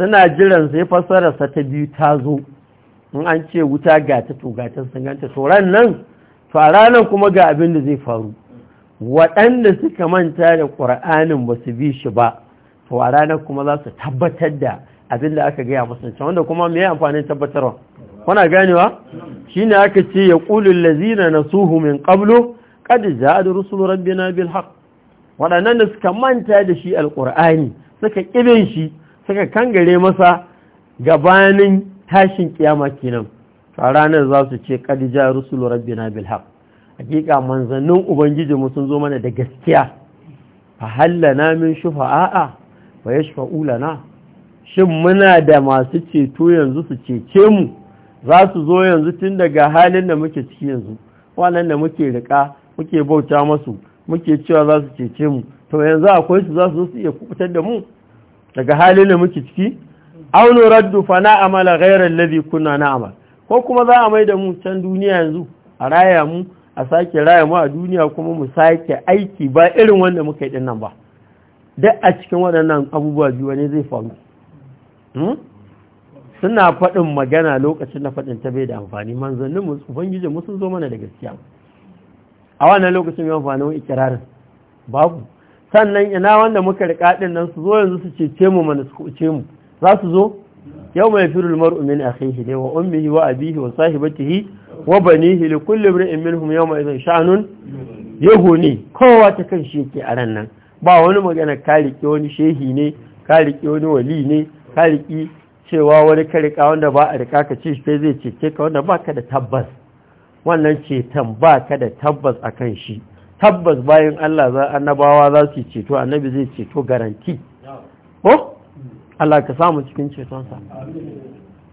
suna jiran sai sa ta biyu ta zo in an ce wuta ga to gatan sun ganta to ran nan fara nan kuma ga abin da zai faru waɗanda suka manta da ƙura'anin ba su bi shi ba to a ranar kuma za su tabbatar da abin da aka gaya musu can wanda kuma mai amfanin tabbatarwa kuna ganewa shi ne aka ce ya ƙulun lazina na suhu min ƙablo ƙadi za da rusul rabbina bil haq waɗannan da suka manta da shi alƙur'ani suka ƙibin shi suka kangare masa gabanin tashin kiyama kenan a ranar za su ce kadija rusulu rabbi na haq hakika manzannin ubangiji mu sun zo mana da gaskiya fa hallana min shufa'a fa yashfa'u ulana. shin muna da masu ceto yanzu su cece mu za su zo yanzu tun daga halin da muke ciki yanzu wannan da muke rika muke bauta masu muke cewa za su cece mu to yanzu akwai su za su iya kubutar da mu daga halin da muke ciki aunu raddu fa na amala ghairar ladhi kunna na'mal ko kuma za a mai da mu can duniya yanzu a raya mu a sake raya mu a duniya kuma mu sake aiki ba irin wanda muka yi nan ba duk a cikin waɗannan abubuwa biyu wani zai faru hmm? suna faɗin magana lokacin da faɗin ta bai da amfani manzannin mu ubangiji mu sun zo mana da gaskiya a wannan lokacin yawan amfani ikirarin babu sannan ina wanda muka riƙa ɗin nan su zo yanzu su ce ce mu mana su ce mu za su zo yau mai firul mar'u min akhihi ne wa ummihi wa abihi wa sahibatihi wa banihi li kulli imrin minhum yawma idhin sha'nun yahuni kowa ta kan shi yake a ran nan ba wani magana ka riƙe wani shehi ne ka riƙe wani wali ne ka riƙi cewa wani ka riƙa wanda ba a riƙa ka ce sai zai ce ka wanda ba ka da tabbas wannan ceton ba ka da tabbas akan shi tabbas bayan Allah za annabawa za su ceto annabi zai ceto garanti ko Allah ka samu cikin cetonsa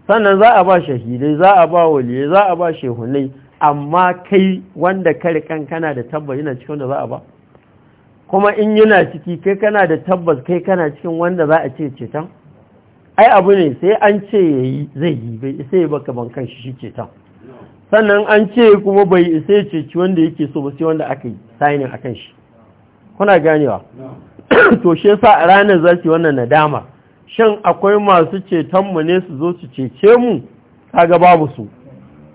sannan za a ba shahidai za a ba waliyai za a ba shehunai amma kai wanda kare kan kana da tabbas yana cikin wanda za a ba kuma in yana ciki kai kana da tabbas kai kana cikin wanda za a ce ceton ai abu ne sai an ce yayi zai yi bai sai baka bankan shi shi ceton sannan an ce kuma bai isa ya ceci wanda yake so ba sai wanda aka yi sainin akan shi kuna ganewa <coughs> to shi yasa a ranar za su wannan nadama Shan akwai masu ceton mu ne su zo su cece mu kaga babu su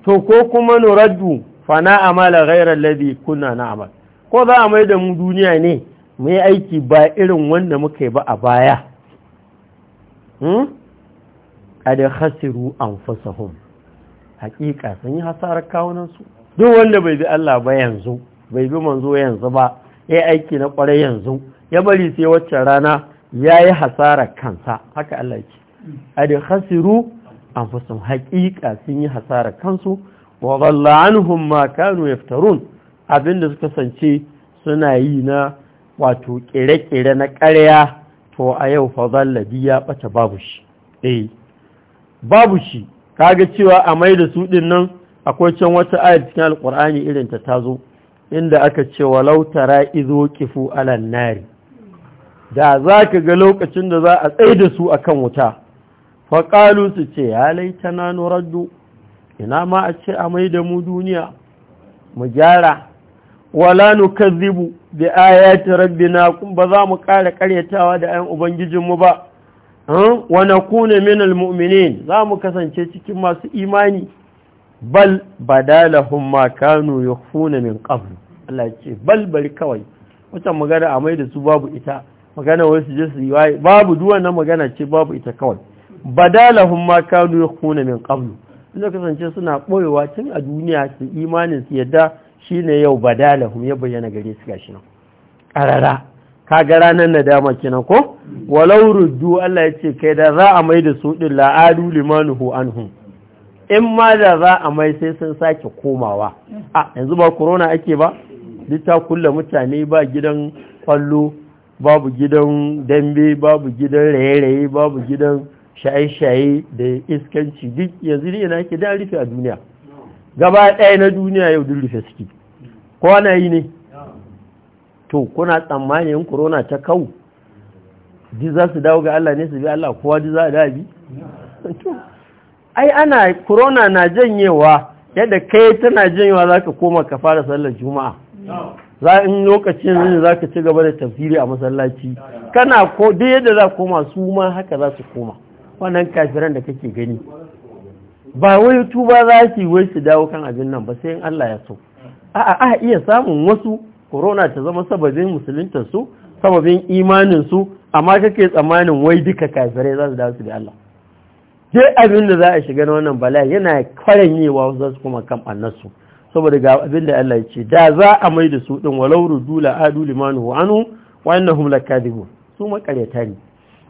to ko kuma nuraddu fana a amala ghayra alladhi kunna na'mal ko za a mai da mu duniya ne mu yi aiki ba irin wanda muka yi ba a baya hmm hasiru khasiru anfusahum hakika sun yi hasarar kawunansu duk wanda bai bi Allah ba yanzu bai bi manzo yanzu ba ya aiki na kwarai yanzu ya bari sai wacce rana ya yi hasarar kansa haka Allah ce adin hasiru an hakika sun yi hasarar kansu wa dhalla anhum ma kanu yaftarun abinda suka sance suna yi na wato kire-kire na ƙarya to a yau fa zalla ya bata babu shi eh babu shi kaga cewa a mai da su din nan akwai can wata ayar cikin alkur'ani irin ta tazo inda aka ce walau tara izo kifu alan nari da za ka ga lokacin da za a tsaye da su akan wuta faƙalu su ce ya na nuraddu ina ma a ce a mai da mu duniya mu gyara wala nukazzibu bi ayati rabbina kun ba za mu ƙara ƙaryatawa da ayan ubangijinmu ba wa na nakuna minal mu'minin za mu kasance cikin masu imani bal badalahum ma kanu kuna min qabl Allah ce bal bari kawai wata magana a mai da su babu ita magana wasu je su yi babu duwan na magana ce babu ita kawai badalahum ma kanu kuna min qabl inda kasance suna ɓoyewa tun a duniya su imanin su yadda shine yau badalahum ya bayyana gare su gashi nan ƙarara kaga ranar nadama kenan ko walau ruddu Allah ya ce kai da za a mai da su din la'adu limanuhu anhum in ma da za a mai sai sun sake komawa a yanzu ba corona ake ba duk ta kulle mutane ba gidan kwallo babu gidan dambe babu gidan raye-raye babu gidan shaye-shaye da iskanci duk yanzu ne yana ke da rufe a duniya gaba ɗaya na duniya yau duk rufe suke ko ana yi ne to kuna tsammanin yin corona ta kawo ji za su dawo ga Allah ne su bi Allah kowa ji za a dabi ai ana corona na janyewa yadda kai tana janyewa za ka koma ka fara sallar juma'a za in lokacin zini za ka ci gaba da tafsiri a masallaci kana ko dai yadda za koma su ma haka za su koma wannan kafiran da kake gani ba wai tuba za su yi wai su dawo kan abin nan ba sai in Allah ya so a'a a iya samun wasu corona ta zama sababin musuluntar su sababin imanin su amma kake tsammanin wai duka kafirai za su dawo su da Allah je abin da za a shiga na wannan bala yana kwaranyewa za su kuma kan annarsu saboda ga abin da Allah ya ce da za a mai da su din walau rudula adu limanu anu wa innahum lakadibun su makaryata ne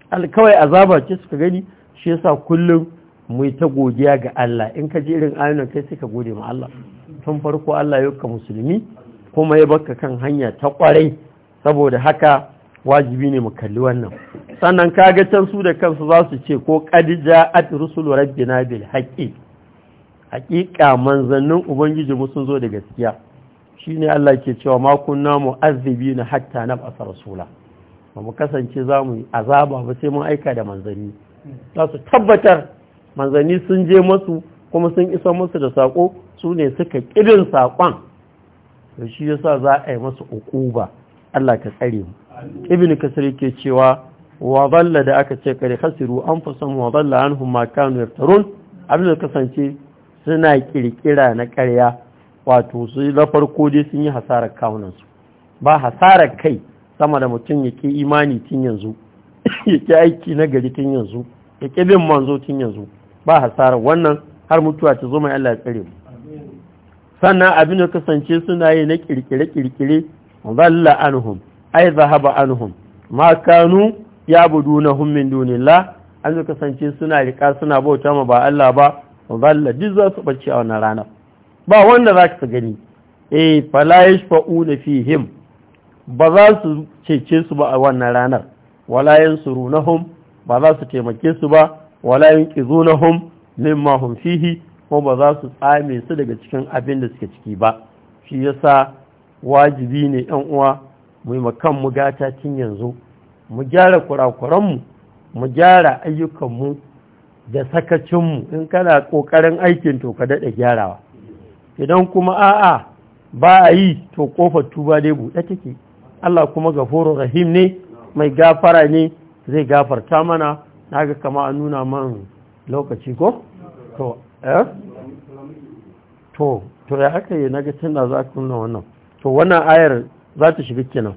alkawai azaba ce suka gani shi yasa kullum mu ta godiya ga Allah in ka je irin ayyukan kai sai ka gode ma Allah tun farko Allah ya ka musulmi kuma ya baka kan hanya ta kwarai saboda haka wajibi ne mu kalli wannan sannan kaga can su da kansu za su ce ko kadija at rusul rabbina bil haƙƙi. haqiqa manzannin ubangiji mu sun zo da gaskiya shine Allah ke cewa ma kunna mu'azzibina hatta nab'asa rasula ba mu kasance za mu azaba ba sai mun aika da manzanni za su tabbatar manzanni sun je masu kuma sun isa masu da sako su ne suka kidin sakon da shi yasa za a yi masa uquba Allah ka tsare mu ibn kasir yake cewa wa dalla da aka ce kare khasiru an wa dalla anhum ma kanu yaftarun abin da kasance suna kirkira na ƙarya wato su na farko dai sun yi hasarar su ba hasarar kai sama da mutum yake imani tun yanzu <coughs> yake aiki na gari tun yanzu yake bin manzo tun yanzu ba hasarar wannan har mutuwa ta zo mai Allah ya tsare mu sannan abin da kasance suna yi na kirkire-kirkire zalla anhum ai zahaba anhum ma kanu yabudunahum min la an da kasance suna rika suna bauta ma ba Allah ba zalla duk za su bacci a wannan rana ba wanda za ka gani eh fala yashfa'una fihim ba za su cece su ba a wannan ranar wala yansurunahum ba za su taimake su ba wala yunqizunahum mimma hum fihi ko ba za su tsame su daga cikin abin da suke ciki ba shi yasa wajibi ne yan uwa mu yi kan mu gata tun yanzu mu gyara kurakuranmu mu gyara ayyukanmu da sakacinmu in kana ƙoƙarin aikin to ka daɗa gyarawa idan kuma a'a ba a yi to ƙofar tuba dai buɗe take Allah kuma gafuru rahim ne mai gafara ne zai gafarta mana naga ga kama an nuna man lokaci ko? to Eh? to to ya aka yi naga tana za ku nuna wannan to wannan ayar za ta shiga kenan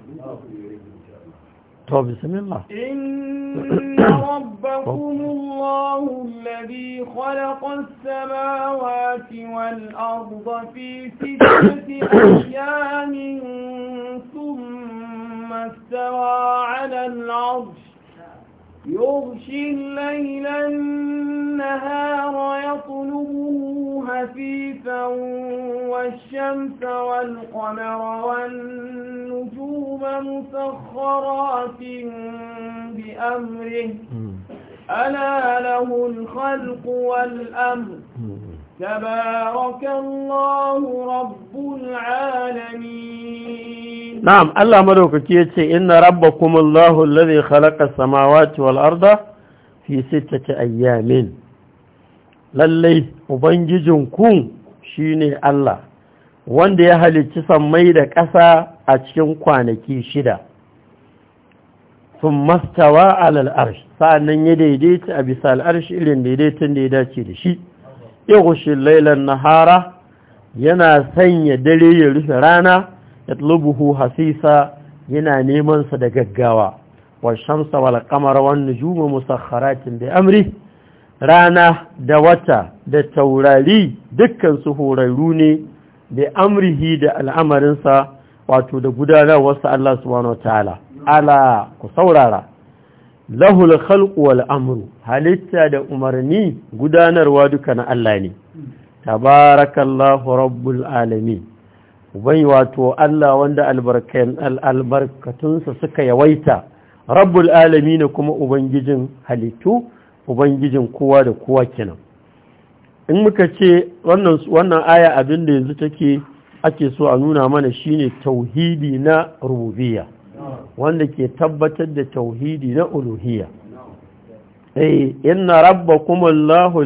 to bismillah ربكم الله الذي خلق السماوات والأرض في ستة أيام ثم استوى على العرش يغشي الليل النهار يطلبه هفيفا والشمس والقمر والنجوم مسخرات بأمره ألا له الخلق والأمر تبارك الله رب العالمين na'am Allah madaukaki yace inna rabbakum Allahu alladhi khalaqa as-samawati wal arda fi sittati ayyamin lallai ubangijinku shine Allah wanda ya halicci sammai da ƙasa a cikin kwanaki shida sun mastawa alal arsh sa'annan ya daidaita a bisa al'arshi irin daidaitin da ya dace da shi ya gushin lailan nahara yana sanya dare ya rufe rana yatlubuhu hasisa yana neman sa da gaggawa wa shamsa wal qamara wan bi amri rana da wata da taurari dukkan su horarru ne da amrihi da al'amarinsa wato da gudanarwarsa Allah subhanahu wa ala ku saurara lahul khalqu wal amru halitta da umarni gudanarwa duka na Allah ne tabarakallahu rabbul alamin ubai wato Allah wanda albarkatunsa suka yawaita rabbul alami na kuma ubangijin halittu ubangijin kowa da kowa kenan in muka ce wannan aya abin da yanzu take ake so a nuna mana shine tauhidi na rububiyya wanda ke tabbatar da tauhidi na Uluhiya. eh inna rabbakum allahu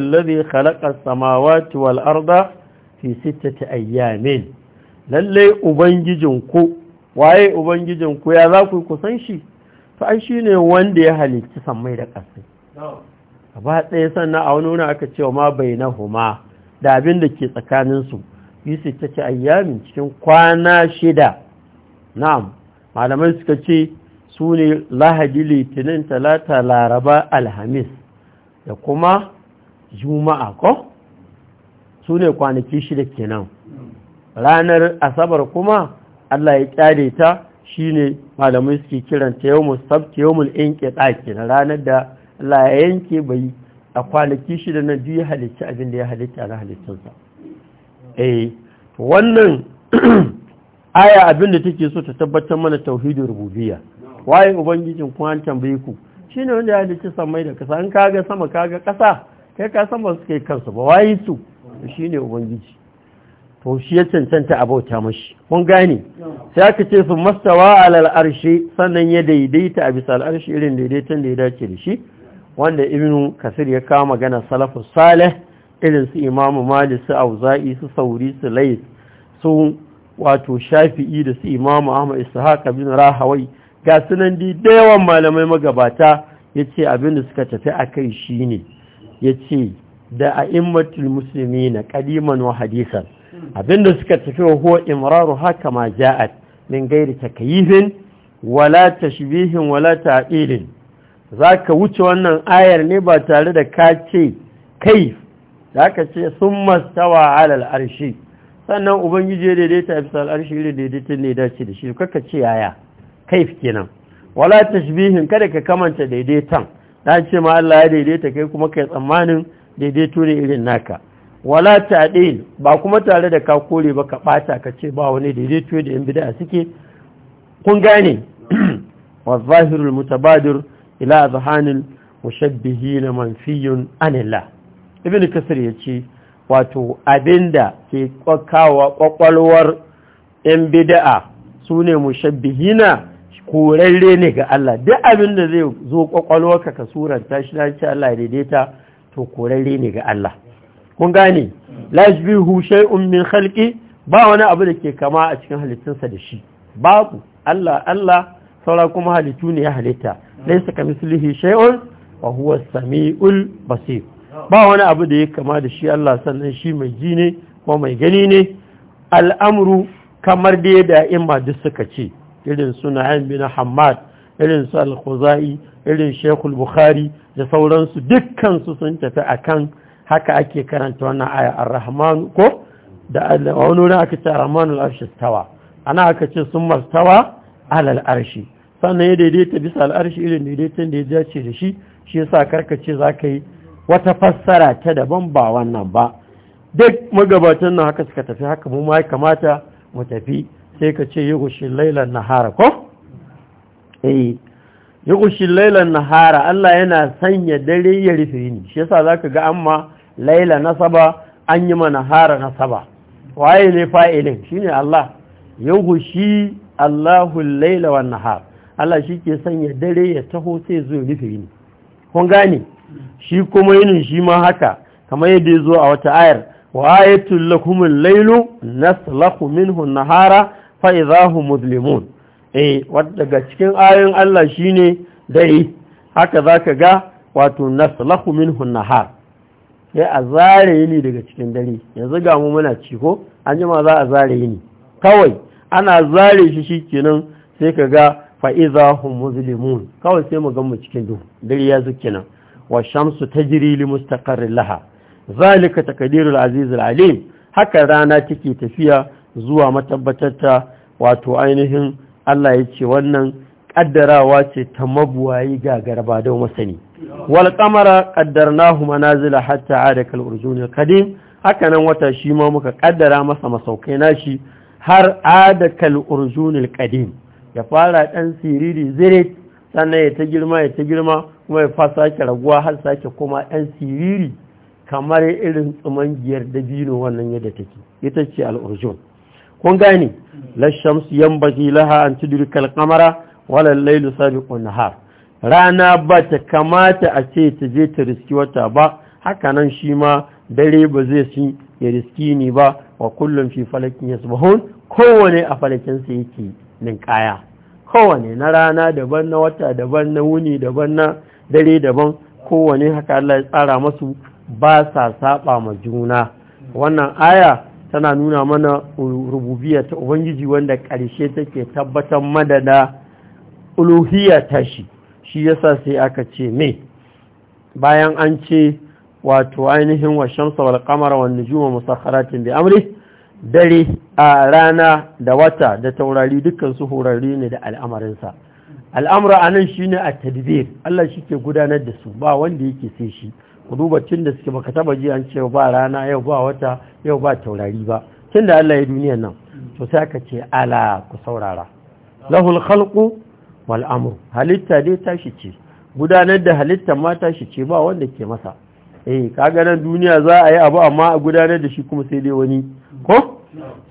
khalaqa as-samawati wal arda fi sittati ayyamin lallai ubangijinku waye ubangijinku ya za ku kusan shi to ai shi wanda ya halicci sammai da ƙasai gaba ɗaya sannan a wani aka aka wa ma bai na huma da abin da ke tsakaninsu yusu ta ce ayyamin cikin kwana shida na'am malamai suka ce su ne lahadi litinin talata laraba alhamis da kuma juma'a ko su ne kwanaki shida kenan ranar asabar kuma Allah ya kyade ta shine malamai suke kiranta yau sabt yawmul ɗaki na ranar da Allah ya yanke bai a kwanaki shi da na duk ya halicci abin da ya a na halittunsa eh wannan <clears throat> aya abin da take so ta tabbatar mana tauhidin rububiyya waye ubangijin kuma an tambaye ku shine wanda ya halicci samai da kasa in kaga sama kaga kasa kai ka sama ba kansu ba waye su shine ubangiji to shi ya cancanta a bauta mashi kun gane sai aka ce su mastawa alal arshi sannan ya daidaita a bisa al'arshi irin daidaitan da ya dace da shi wanda ibnu kasir ya kawo magana salafu salih irin su imamu malik su auza'i su sauri su lais su wato shafi'i da su imamu ahmad ishaq bin rahawai ga sunan di da yawan malamai magabata yace abin da suka tafi akai shine yace da a'immatul muslimina qadiman wa hadisan abinda suka tafi wa huwa imraru haka ma ja'at min gairi takayifin wala tashbihin wala ta'ilin zaka wuce wannan ayar ne ba tare da ka ce kai zaka ce summa stawa al arshi sannan ubangiji ya daidaita a bisa al'arshi ne daidaitin ne dace da shi kaka ce yaya kaif kenan wala tashbihin kada ka kamanta daidaitan dan ce ma Allah ya daidaita kai kuma kai tsammanin daidaito ne irin naka wala taɗe, ba kuma tare da ka kore ba ka ɓata ka ce ba wani daidaito da yan bid'a suke kun gane <clears throat> wa zahirul mutabadir ila mushabbihi na manfiyun anila ibn kasir ce, wato abinda ke kwakawa kwakwalwar yan bid'a sune mushabbihina korarre ne ga Allah duk abin da zai zo kwakwalwar ka suranta shi na ce Allah ya daidaita to korarre ne ga Allah mun gane la yashbihu shay'un min khalqi ba wani abu da ke kama a cikin halittunsa da shi babu Allah Allah saura kuma halittu ne ya halitta laysa kamithlihi shay'un wa huwa as-sami'ul basir ba wani abu da ya kama da shi Allah sannan shi mai ji ne ko mai gani ne al'amru kamar da ya da'imma duk suka ce irin suna yan bin hamad irin su al irin shekul bukhari da sauransu dukkan su sun tafi akan haka ake karanta wannan aya ar-rahman ko da wani aka ce ar-rahmanul arshi tawa ana aka ce sun martawa alal arshi sannan ya daidaita bisa al'arshi irin daidaitan da ya dace da shi shi yasa karkace za ka yi wata fassara ta daban ba wannan ba duk magabatan nan haka suka tafi haka mu ma ya kamata mu tafi sai ka ce yugo shi lailan nahara ko eh ya Laila lailan nahara Allah yana sanya dare ya rufe ni. shi yasa za ka ga amma laila na saba, an yi ma nahara saba"? waye ne fa'ilin shi ne Allah ya ƙushi Allahun laila wa nahar Allah shi ke sanya dare ya taho sai zo ya rufe ni. kun gane shi kuma yinin shi ma haka kamar yadda ya zo a wata ayar wa ayatul lakumul lailu naslakhu minhu nahara fa idahu muzlimun eh daga cikin ayoyin Allah shine dare haka zaka ga wato naslahu minhu nahar sai a zare yini daga cikin dare yanzu ga mu muna ci ko anjima za a zare yini kawai ana zare shi shikenan sai ka ga fa'iza musulmun kawai sai mu mu cikin duhu dare ya zuke nan wa shamsu ta jiri li mustaƙarin laha zalika takadirul azizul alim haka rana take tafiya zuwa matabbatar ta wato ainihin Allah ya ce wannan ƙaddarawa ce ta mabuwayi ga Garba. da masani wal kamara ƙaddarnahu manazila hatta ada kal urjunil qadim haka nan wata shi ma muka ƙaddara masa masaukai na shi har ada kal urjunil qadim ya fara ɗan siriri zirit sannan ya ta girma ya ta girma kuma ya fa sake raguwa har sake kuma ɗan siriri kamar irin tsumangiyar dabino wannan yadda take ita ce al kun gane lashams yambaji laha an tudrika wala al-laylu sabiqun nahar rana ba ta kamata a ce ta je ta riski wata ba hakanan shi ma dare ba zai shi ya riski ni ba wa kullum fi falakin yasbahun kowane a falakin sa yake ninkaya kowane na rana daban na wata daban na wuni daban na dare daban kowane haka Allah ya tsara masu ba sa saba ma juna wannan aya tana nuna mana rububiyya ta ubangiji wanda ƙarshe take tabbatar madada uluhiyya ta shi shi yasa sai aka ce me bayan an ce wato ainihin wa shamsa wal qamara juma masu musakharatin da amri dare a rana da wata da taurari dukkan su horarri ne da Al'amura a nan shi ne a tadbir Allah shi ke gudanar da su ba wanda yake sai shi ku duba tun da suke baka taba ji an ce ba rana yau ba wata yau ba taurari ba tun da Allah ya duniyar nan to sai aka ce ala ku saurara lahul khalqu wal amru halitta dai tashi ce gudanar da halitta ma tashi ce ba wanda ke masa eh kaga nan duniya za a yi abu amma a gudanar da shi kuma sai dai wani ko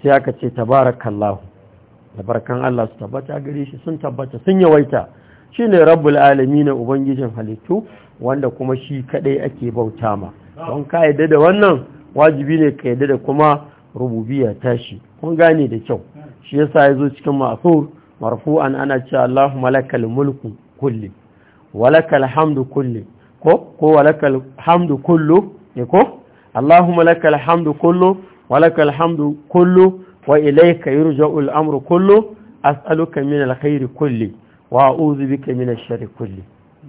sai aka ce tabarakallahu barkan Allah su tabbata gare shi sun tabbata sun yawaita shine rabbul alamin ubangijin halittu wanda kuma shi kadai ake bauta ma don ka yadda da wannan wajibi ne ka yadda da kuma rububiya tashi kun gane da kyau shi yasa yazo cikin ma'thur marfu'an ana ce Allahumma lakal mulku kulli walakal hamdu kulli ko ko walakal hamdu kullu ne ko Allahumma lakal hamdu kullu walakal hamdu kullu wa ilayka yurja'u al-amru kullu as'aluka min al-khairi kulli wa a'udhu bika min ash-sharri kulli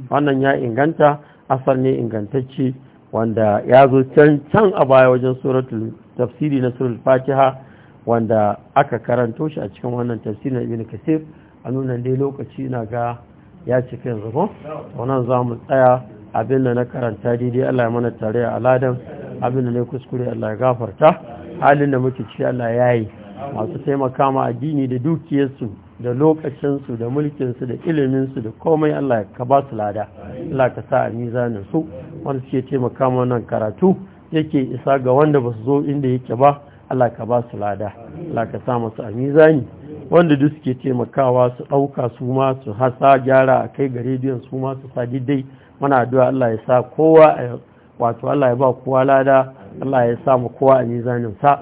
wannan ya inganta asar ne ingantacce wanda ya zo can a baya wajen suratul tafsiri na suratul fatiha wanda aka karanto shi a cikin wannan tafsiri na ibn kasir a nuna dai lokaci na ga ya cika yanzu ko wannan za mu tsaya abin da na karanta daidai Allah ya mana tare a ladan abin da ne kuskure Allah ya gafarta halin da muke ciki Allah ya yi masu taimaka ma addini da dukiyarsu da lokacinsu da mulkinsu da iliminsu da komai Allah ka ba su lada Allah ka sa a wanda suke taimaka wannan karatu yake isa ga wanda ba su zo inda yake ba Allah ka ba su lada Allah ka sa masu a nizani wanda duk suke taimakawa su ɗauka su ma su hasa gyara a kai ga rediyon su ma su sa diddai addu'a Allah ya sa kowa wato Allah ya ba kowa lada Allah ya sa mu kowa a nizanin sa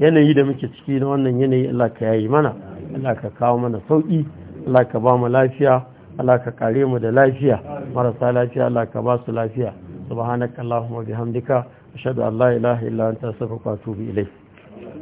yanayi da muke ciki na wannan yanayi Allah ka yayi mana Allah ka kawo mana sauki Allah ka ba mu lafiya Allah ka kare mu da lafiya marasa lafiya Allah ka ba su lafiya subhanakallahumma bihamdika ashhadu an la ilaha illa anta astaghfiruka wa atubu ilayk